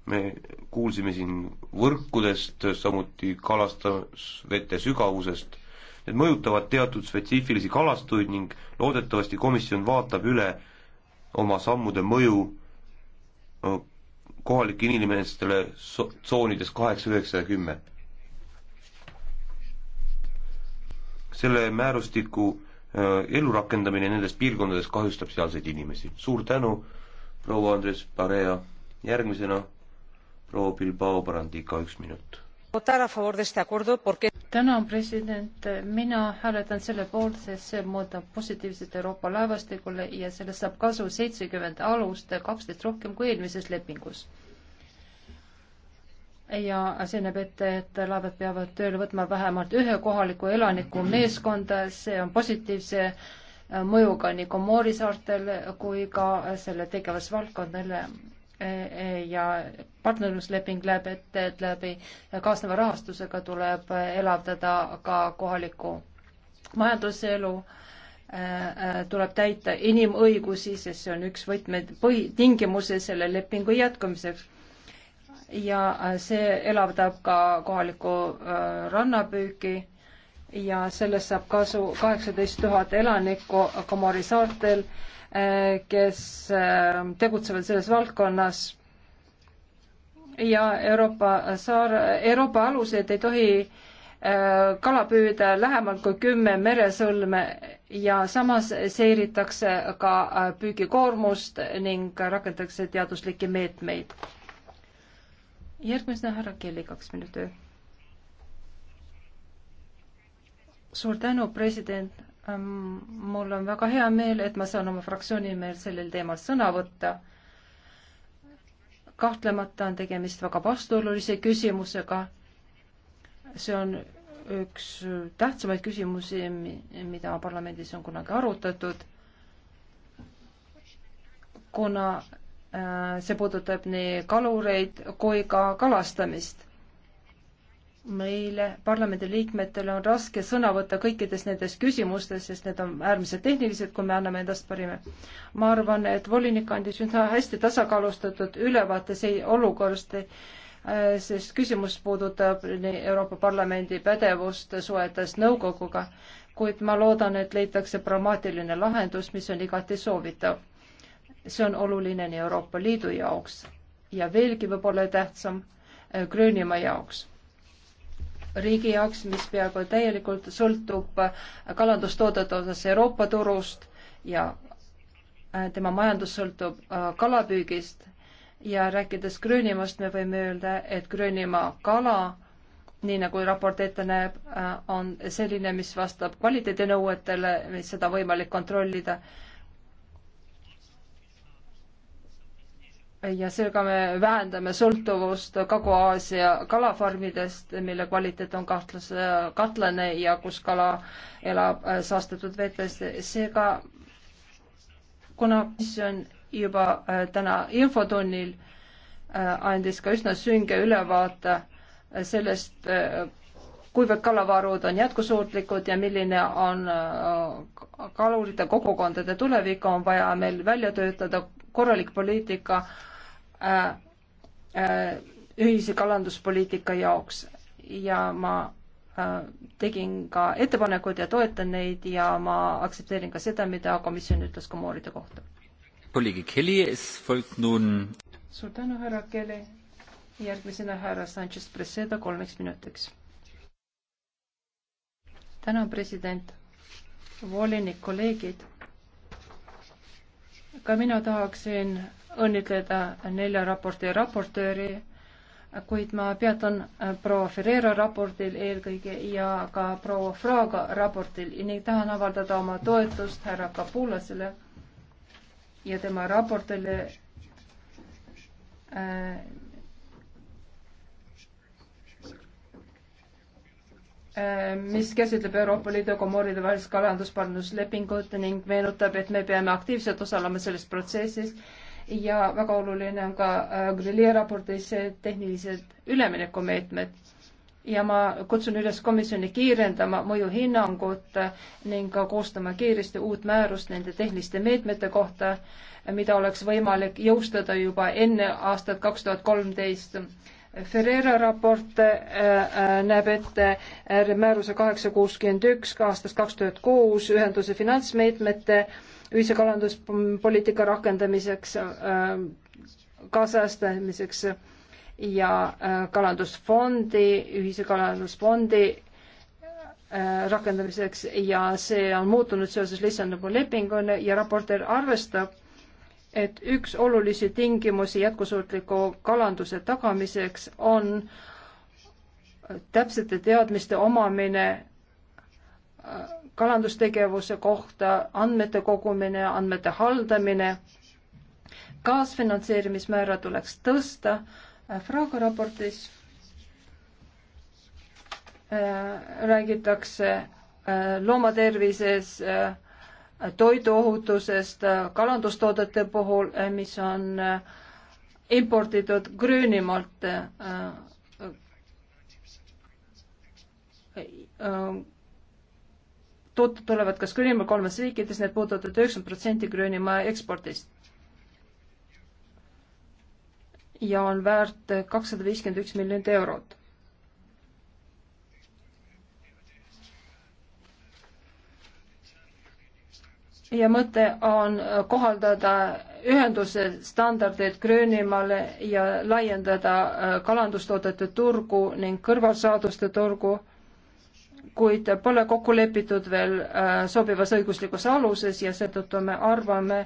me kuulsime siin võrkudest, samuti kalastusvete sügavusest. Need mõjutavad teatud spetsiifilisi kalastuid ning loodetavasti komisjon vaatab üle oma sammude mõju äh, kohalike inimestele tsoonides kaheksa, üheksa ja kümme. selle määrustiku äh, ellurakendamine nendes piirkondades kahjustab sealseid inimesi. suur tänu, proua Andres Barea, järgmisena proua Bilbao Barandiga üks minut. tänan, president, mina hääletan selle poolt, sest see muudab positiivset Euroopa laevastikule ja sellest saab kasu seitsekümmend alust, kaksteist rohkem kui eelmises lepingus ja see näeb ette, et laevad peavad tööle võtma vähemalt ühe kohaliku elaniku meeskonda, see on positiivse äh, mõjuga nii Komori saartel kui ka selle tegevusvaldkondadele ja partnerlusleping läheb ette, et läbi kaasneva rahastusega tuleb elavdada ka kohalikku majanduselu, äh, äh, tuleb täita inimõigusi, sest see on üks võtme põhitingimusi selle lepingu jätkumiseks. ja äh, see elavdab ka kohalikku rannapüüki ja sellest saab kasu kaheksateist tuhat elanikku Komori saartel Äh, kes äh, tegutsevad selles valdkonnas ja Euroopa saar, Euroopa alused ei tohi äh, kala püüda lähemalt kui kümme meresõlme ja samas seiritakse ka püügikoormust ning rakendatakse teaduslikke meetmeid. järgmisena härra Kelly, kaks minutit. suur tänu, president Ehm, mul on väga hea meel, et ma saan oma fraktsiooni nimel sellel teemal sõna võtta. kahtlemata on tegemist väga vastuolulise küsimusega. see on üks tähtsamaid küsimusi, mida parlamendis on kunagi arutatud, kuna ehm, see puudutab nii kalureid kui ka kalastamist meile, parlamendiliikmetel on raske sõna võtta kõikides nendes küsimustes, sest need on äärmiselt tehnilised, kui me anname endast parima. ma arvan, et volinik andis üsna hästi tasakaalustatud ülevaate olukorrast, äh, sest küsimus puudutab nii Euroopa Parlamendi pädevust suhetes nõukoguga, kuid ma loodan, et leitakse pragmaatiline lahendus, mis on igati soovitav. see on oluline nii Euroopa Liidu jaoks ja veelgi võib-olla tähtsam äh, Gröönimaa jaoks riigi jaoks, mis peaaegu täielikult sõltub kalandustoodete osas Euroopa turust ja äh, tema majandus sõltub äh, kalapüügist ja rääkides Gröönimaast, me võime öelda, et Gröönimaa kala, nii nagu raport ette näeb, äh, on selline, mis vastab kvaliteedinõuetele, mis seda on võimalik kontrollida ja seega me vähendame sõltuvust Kagu-Aasia kalafarmidest, mille kvaliteet on kahtlas, katlane ja kus kala elab äh, saastatud vetes. seega kuna komisjon juba äh, täna infotunnil äh, andis ka üsna sünge ülevaate sellest, kuivõrd kalavarud on jätkusuutlikud ja milline on kalurite kogukondade tulevik, on vaja meil välja töötada korralik poliitika Äh, äh, ühise kalanduspoliitika jaoks ja ma äh, tegin ka ettepanekuid ja toetan neid ja ma aktsepteerin ka seda, mida komisjon ütles komooride kohta. Nun... suur tänu, härra Kelly. järgmisena härra Sanchez Preseda kolmeks minutiks. tänan, president, volinik, kolleegid. ka mina tahaksin õnnitleda nelja raporti raportööri, kuid ma peatan äh, proua Ferreira raportil eelkõige ja ka proua Fraga raportil ning tahan avaldada oma toetust härra Kapulasele ja tema raportile äh, äh mis käsitleb Euroopa Liidu komooride vahelist kalanduspartnerluslepingut ning meenutab, et me peame aktiivselt osalema selles protsessis ja väga oluline on ka äh, Grillee raportis tehnilised üleminekumeetmed. ja ma kutsun üles komisjoni kiirendama mõjuhinnangut äh, ning ka koostama kiiresti uut määrust nende tehniliste meetmete kohta, äh, mida oleks võimalik jõustada juba enne aastat kaks tuhat kolmteist. Ferreira raport näeb ette määruse kaheksa kuuskümmend üks aastast kaks tuhat kuus ühenduse finantsmeetmete äh, ühise kalanduspoliitika rakendamiseks, äh, kaasajastamiseks ja äh, kalandusfondi, ühise kalandusfondi äh, rakendamiseks ja see on muutunud seoses Lissaboni lepingule ja raportöör arvestab, et üks olulisi tingimusi jätkusuutliku kalanduse tagamiseks on täpsete teadmiste omamine kalandustegevuse kohta, andmete kogumine, andmete haldamine. kaasfinantseerimismäära tuleks tõsta. Äh, Fraga raportis äh, räägitakse äh, loomatervises, toiduohutusest kalandustoodete puhul, mis on imporditud Gröönimaalt toodud tulevad kas Gröönimaa kolmes riikides, need puudutavad üheksakümmend protsenti Gröönimaa ekspordist. ja on väärt kakssada viiskümmend üks miljonit eurot. ja mõte on kohaldada ühenduse standardeid Gröönimaale ja laiendada äh, kalandustoodete turgu ning kõrvalsaaduste turgu kuid pole kokku lepitud veel äh, sobivas õiguslikus aluses ja seetõttu me arvame,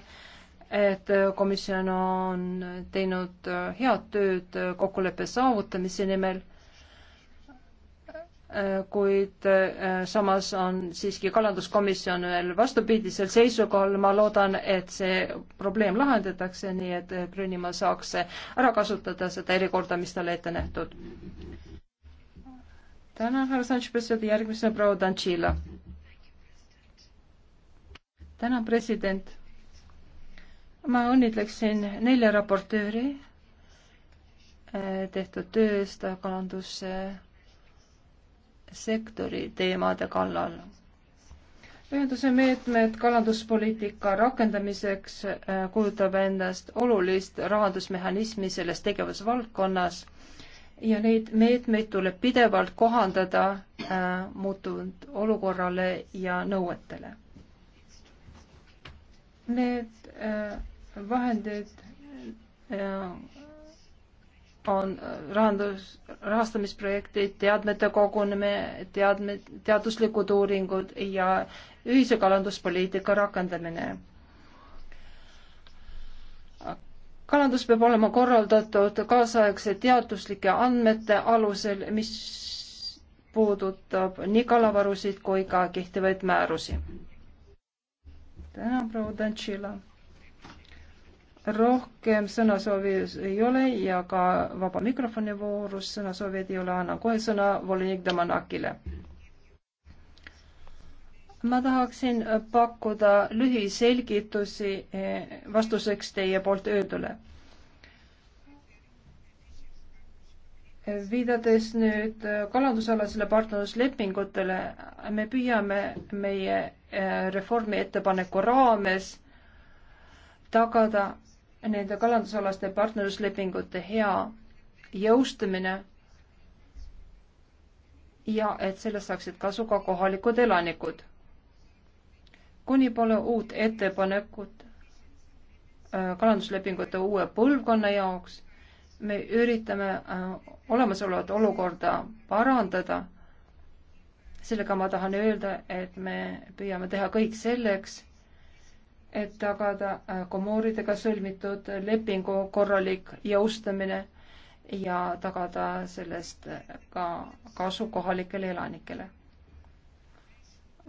et komisjon on teinud äh, head tööd äh, kokkuleppe saavutamise nimel, kuid samas on siiski kalanduskomisjon veel vastupidisel seisukohal, ma loodan, et see probleem lahendatakse, nii et Gröönimaa saaks ära kasutada seda erikorda, mis talle ette nähtud tänan, härra Sanchez-President, järgmisena proua Tantšila. tänan, president. ma õnnitleksin nelja raportööri eh, tehtud töö eest kalandussektori teemade kallal ühenduse meetmed kalanduspoliitika rakendamiseks eh, kujutab endast olulist rahandusmehhanismi selles tegevusvaldkonnas ja neid meetmeid tuleb pidevalt kohandada äh, muutunud olukorrale ja nõuetele. Need äh, vahendid äh, on rahandus, rahastamisprojektid, teadmete kogunemine, teadmed, teaduslikud uuringud ja ühise kalanduspoliitika rakendamine kalandus peab olema korraldatud kaasaegse teaduslike andmete alusel, mis puudutab nii kalavarusid kui ka kehtivaid määrusi. tänan, proua Tantšila. rohkem sõnasoovi ei ole ja ka vaba mikrofoni voorus sõnasoovijaid ei ole, annan kohe sõna volinik Damanakile ma tahaksin äh, pakkuda lühiselgitusi äh, vastuseks teie poolt öeldule. viidates nüüd äh, kalandusalasele partnerluslepingutele, me püüame meie reformi ettepaneku raames tagada nende kalandusalaste partnerluslepingute hea jõustumine ja et sellest saaksid kasu ka kohalikud elanikud kuni pole uut ettepanekut äh, kalanduslepingute uue põlvkonna jaoks, me üritame äh, olemasolevat olukorda parandada. sellega ma tahan öelda, et me püüame teha kõik selleks, et tagada äh, komoridega sõlmitud lepingu korralik jõustamine ja tagada sellest ka kasu kohalikele elanikele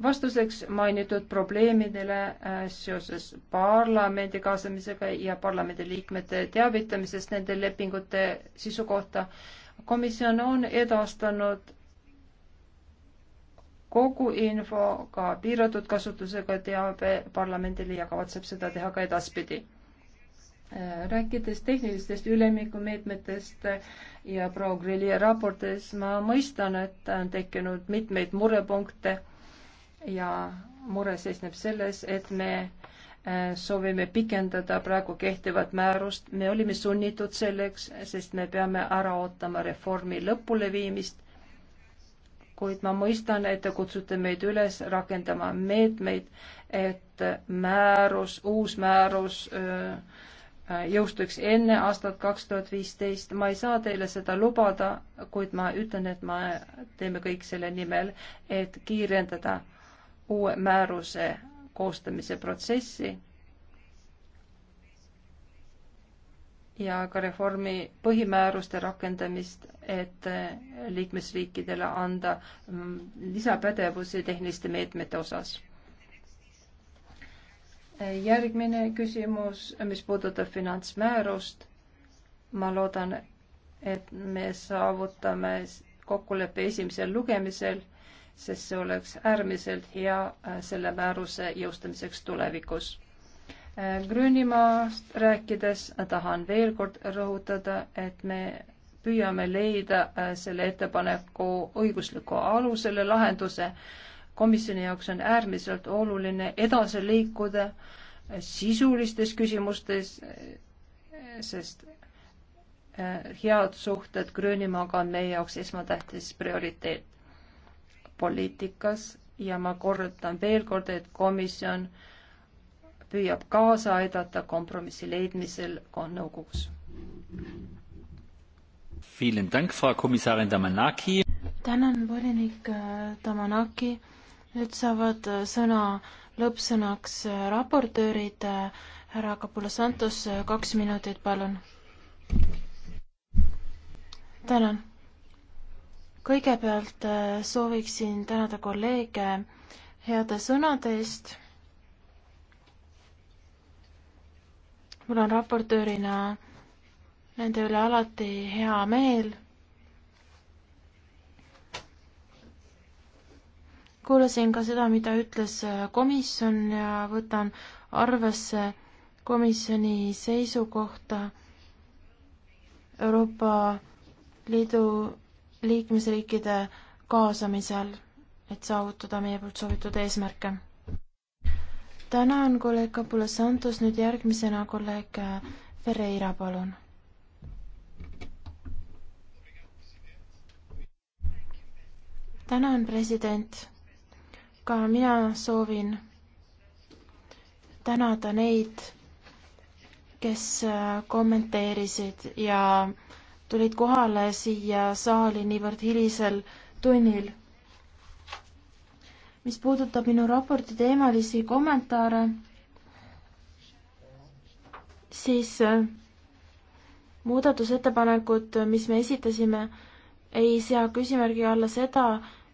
vastuseks mainitud probleemidele äh, seoses parlamendi kaasamisega ja parlamendiliikmete teavitamisest nende lepingute sisu kohta. komisjon on edastanud kogu info ka piiratud kasutusega teabe parlamendile ja kavatseb seda teha ka edaspidi. Äh, rääkides tehnilistest ülemikumeetmetest ja proua Grilli raportis, ma mõistan, et on tekkinud mitmeid murepunkte ja mure seisneb selles, et me äh, soovime pikendada praegu kehtivat määrust, me olime sunnitud selleks, sest me peame ära ootama reformi lõpuleviimist, kuid ma mõistan, et te kutsute meid üles rakendama meetmeid, et määrus, uus määrus öö, äh, äh, jõustuks enne aastat kaks tuhat viisteist. ma ei saa teile seda lubada, kuid ma ütlen, et me teeme kõik selle nimel, et kiirendada uue määruse koostamise protsessi ja ka reformi põhimääruste rakendamist, et eh, liikmesriikidele anda mm, lisapädevusi tehniliste meetmete osas. järgmine küsimus, mis puudutab finantsmäärust. ma loodan, et me saavutame kokkuleppe esimesel lugemisel sest see oleks äärmiselt hea äh, selle määruse jõustamiseks tulevikus. Äh, Gröönimaast rääkides tahan veel kord rõhutada, et me püüame leida äh, selle ettepaneku õigusliku alusele lahenduse. komisjoni jaoks on äärmiselt oluline edasi liikuda sisulistes küsimustes, sest head suhted Gröönimaaga on meie jaoks esmatähtis prioriteet poliitikas ja ma kordan veel kord, et komisjon püüab kaasa aidata kompromissi leidmisel nõukogus. tänan, volinik äh, Damanaki. nüüd saavad äh, sõna lõppsõnaks äh, raportöörid. härra Kapula Santos, kaks minutit, palun. tänan kõigepealt äh, sooviksin tänada kolleege heade sõnade eest. mul on raportöörina nende üle alati hea meel. kuulasin ka seda, mida ütles äh, komisjon ja võtan arvesse komisjoni seisukohta Euroopa Liidu liikmesriikide kaasamisel, et saavutada meie poolt soovitud eesmärke. tänan kolleeg Kapula Santos, nüüd järgmisena kolleeg äh, Ferreira, palun. tänan, president. ka mina soovin tänada neid, kes äh, kommenteerisid ja tulid kohale siia saali niivõrd hilisel tunnil. mis puudutab minu raporti teemalisi kommentaare, siis äh, muudatusettepanekud, mis me esitasime, ei sea küsimärgi alla seda,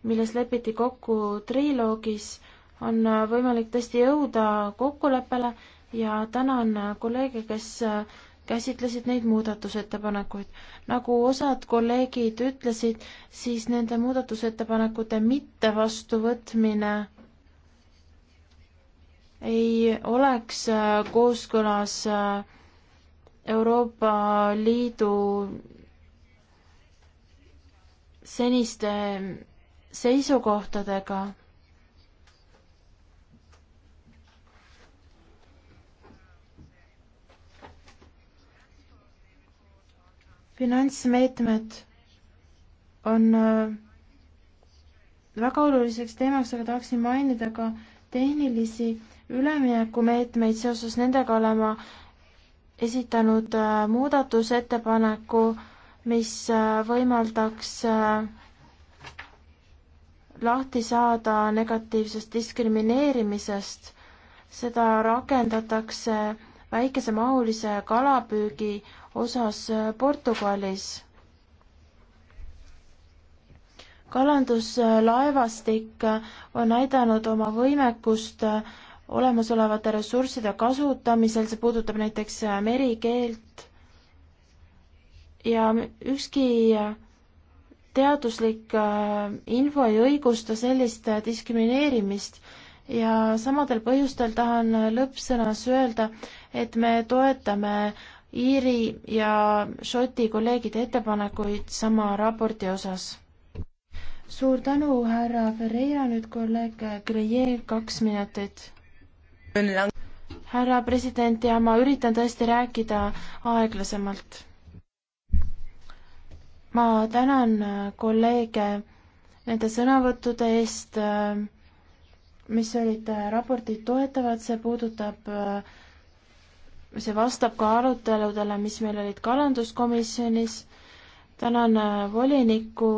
milles lepiti kokku triloogis, on äh, võimalik tõesti jõuda kokkuleppele ja tänan äh, kolleege, kes käsitlesid neid muudatusettepanekuid. nagu osad kolleegid ütlesid, siis nende muudatusettepanekute mittevastuvõtmine ei oleks äh, kooskõlas äh, Euroopa Liidu seniste seisukohtadega finantsmeetmed on äh, väga oluliseks teemaks, aga tahaksin mainida ka tehnilisi üleminekumeetmeid, seoses nendega olema esitanud äh, muudatusettepaneku, mis äh, võimaldaks lahti saada negatiivsest diskrimineerimisest. seda rakendatakse väikesemahulise kalapüügi osas Portugalis. kalanduslaevastik on näidanud oma võimekust olemasolevate ressursside kasutamisel, see puudutab näiteks merikeelt ja ükski teaduslik äh, info ei õigusta sellist diskrimineerimist ja samadel põhjustel tahan lõppsõnas öelda, et me toetame Iiri ja Šoti kolleegide ettepanekuid sama raporti osas. suur tänu, härra Ferreira, nüüd kolleeg Greje, kaks minutit. härra president ja ma üritan tõesti rääkida aeglasemalt. ma tänan kolleege nende sõnavõttude eest äh, mis olid äh, raportit toetavad, see puudutab, äh, see vastab ka aruteludele, mis meil olid kalanduskomisjonis. tänan äh, volinikku.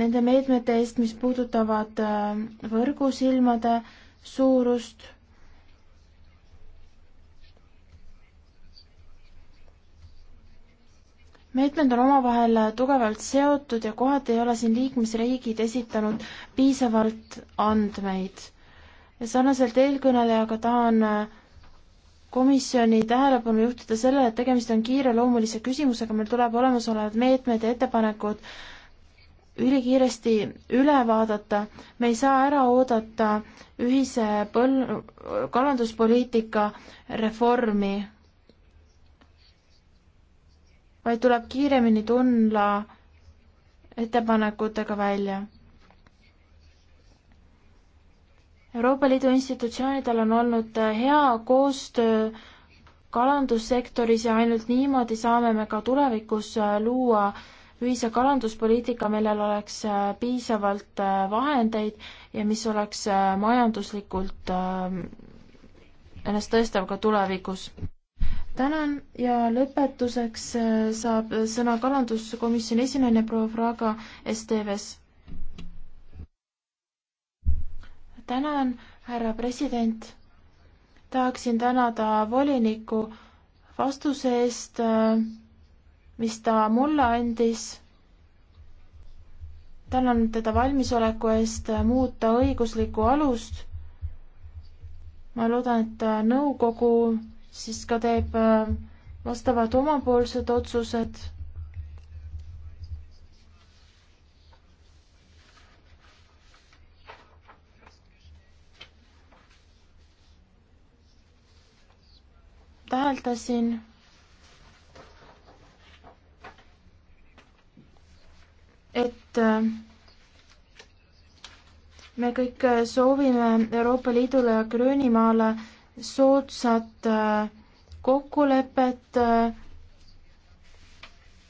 Nende meetmete eest, mis puudutavad võrgusilmade suurust meetmed on omavahel tugevalt seotud ja kohati ei ole siin liikmesriigid esitanud piisavalt andmeid. ja sarnaselt eelkõnelejaga tahan äh, komisjoni tähelepanu juhtida sellele, et tegemist on kiireloomulise küsimusega, meil tuleb olemasolevad meetmed ja ettepanekud ülikiiresti üle vaadata, me ei saa ära oodata ühise põl-, kalanduspoliitika reformi vaid tuleb kiiremini tulla ettepanekutega välja. Euroopa Liidu institutsioonidel on olnud hea koostöö kalandussektoris ja ainult niimoodi saame me ka tulevikus luua ühise kalanduspoliitika, millel oleks piisavalt vahendeid ja mis oleks majanduslikult äh, ennast tõestav ka tulevikus tänan ja lõpetuseks äh, saab sõna kalanduskomisjoni esinaine proua Fraga STV-s. tänan, härra president. tahaksin tänada volinikku vastuse eest, äh, mis ta mulle andis. tänan teda valmisoleku eest äh, muuta õiguslikku alust. ma loodan, et nõukogu siis ka teeb äh, vastavad omapoolsed otsused. täheldasin et äh, me kõik äh, soovime Euroopa Liidule ja Gröönimaale soodsat äh, kokkulepet. Äh,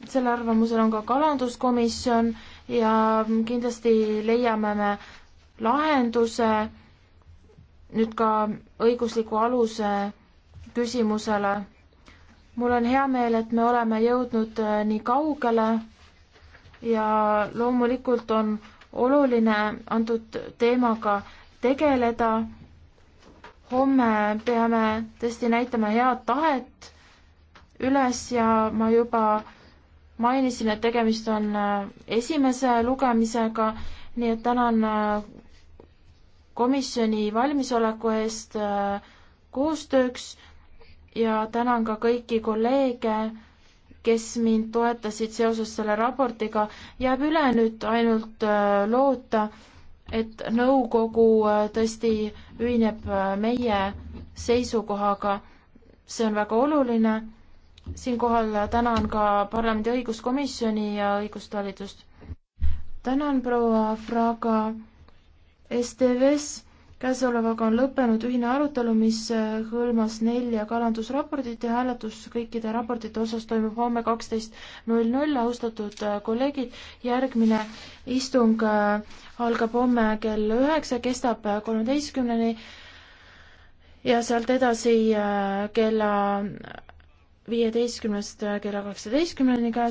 selle arvamusel on ka kalanduskomisjon ja kindlasti leiame me lahenduse nüüd ka õigusliku aluse küsimusele. mul on hea meel, et me oleme jõudnud äh, nii kaugele ja loomulikult on oluline antud teemaga tegeleda homme peame tõesti näitama head tahet üles ja ma juba mainisin, et tegemist on äh, esimese lugemisega, nii et tänan äh, komisjoni valmisoleku eest äh, koostööks ja tänan ka kõiki kolleege, kes mind toetasid seoses selle raportiga. jääb üle nüüd ainult loota, et nõukogu äh, tõesti ühineb äh, meie seisukohaga. see on väga oluline. siinkohal äh, tänan ka parlamendi õiguskomisjoni ja õigustalitust. tänan, proua Fraga. STVs käesolevaga on lõppenud ühine arutelu, mis hõlmas nelja kalandusraportit ja hääletus kõikide raportite osas toimub homme kaksteist null null, austatud kolleegid, järgmine istung algab homme kell üheksa, kestab kolmeteistkümneni ja sealt edasi äh, kella viieteistkümnest kella kaheksateistkümneni ka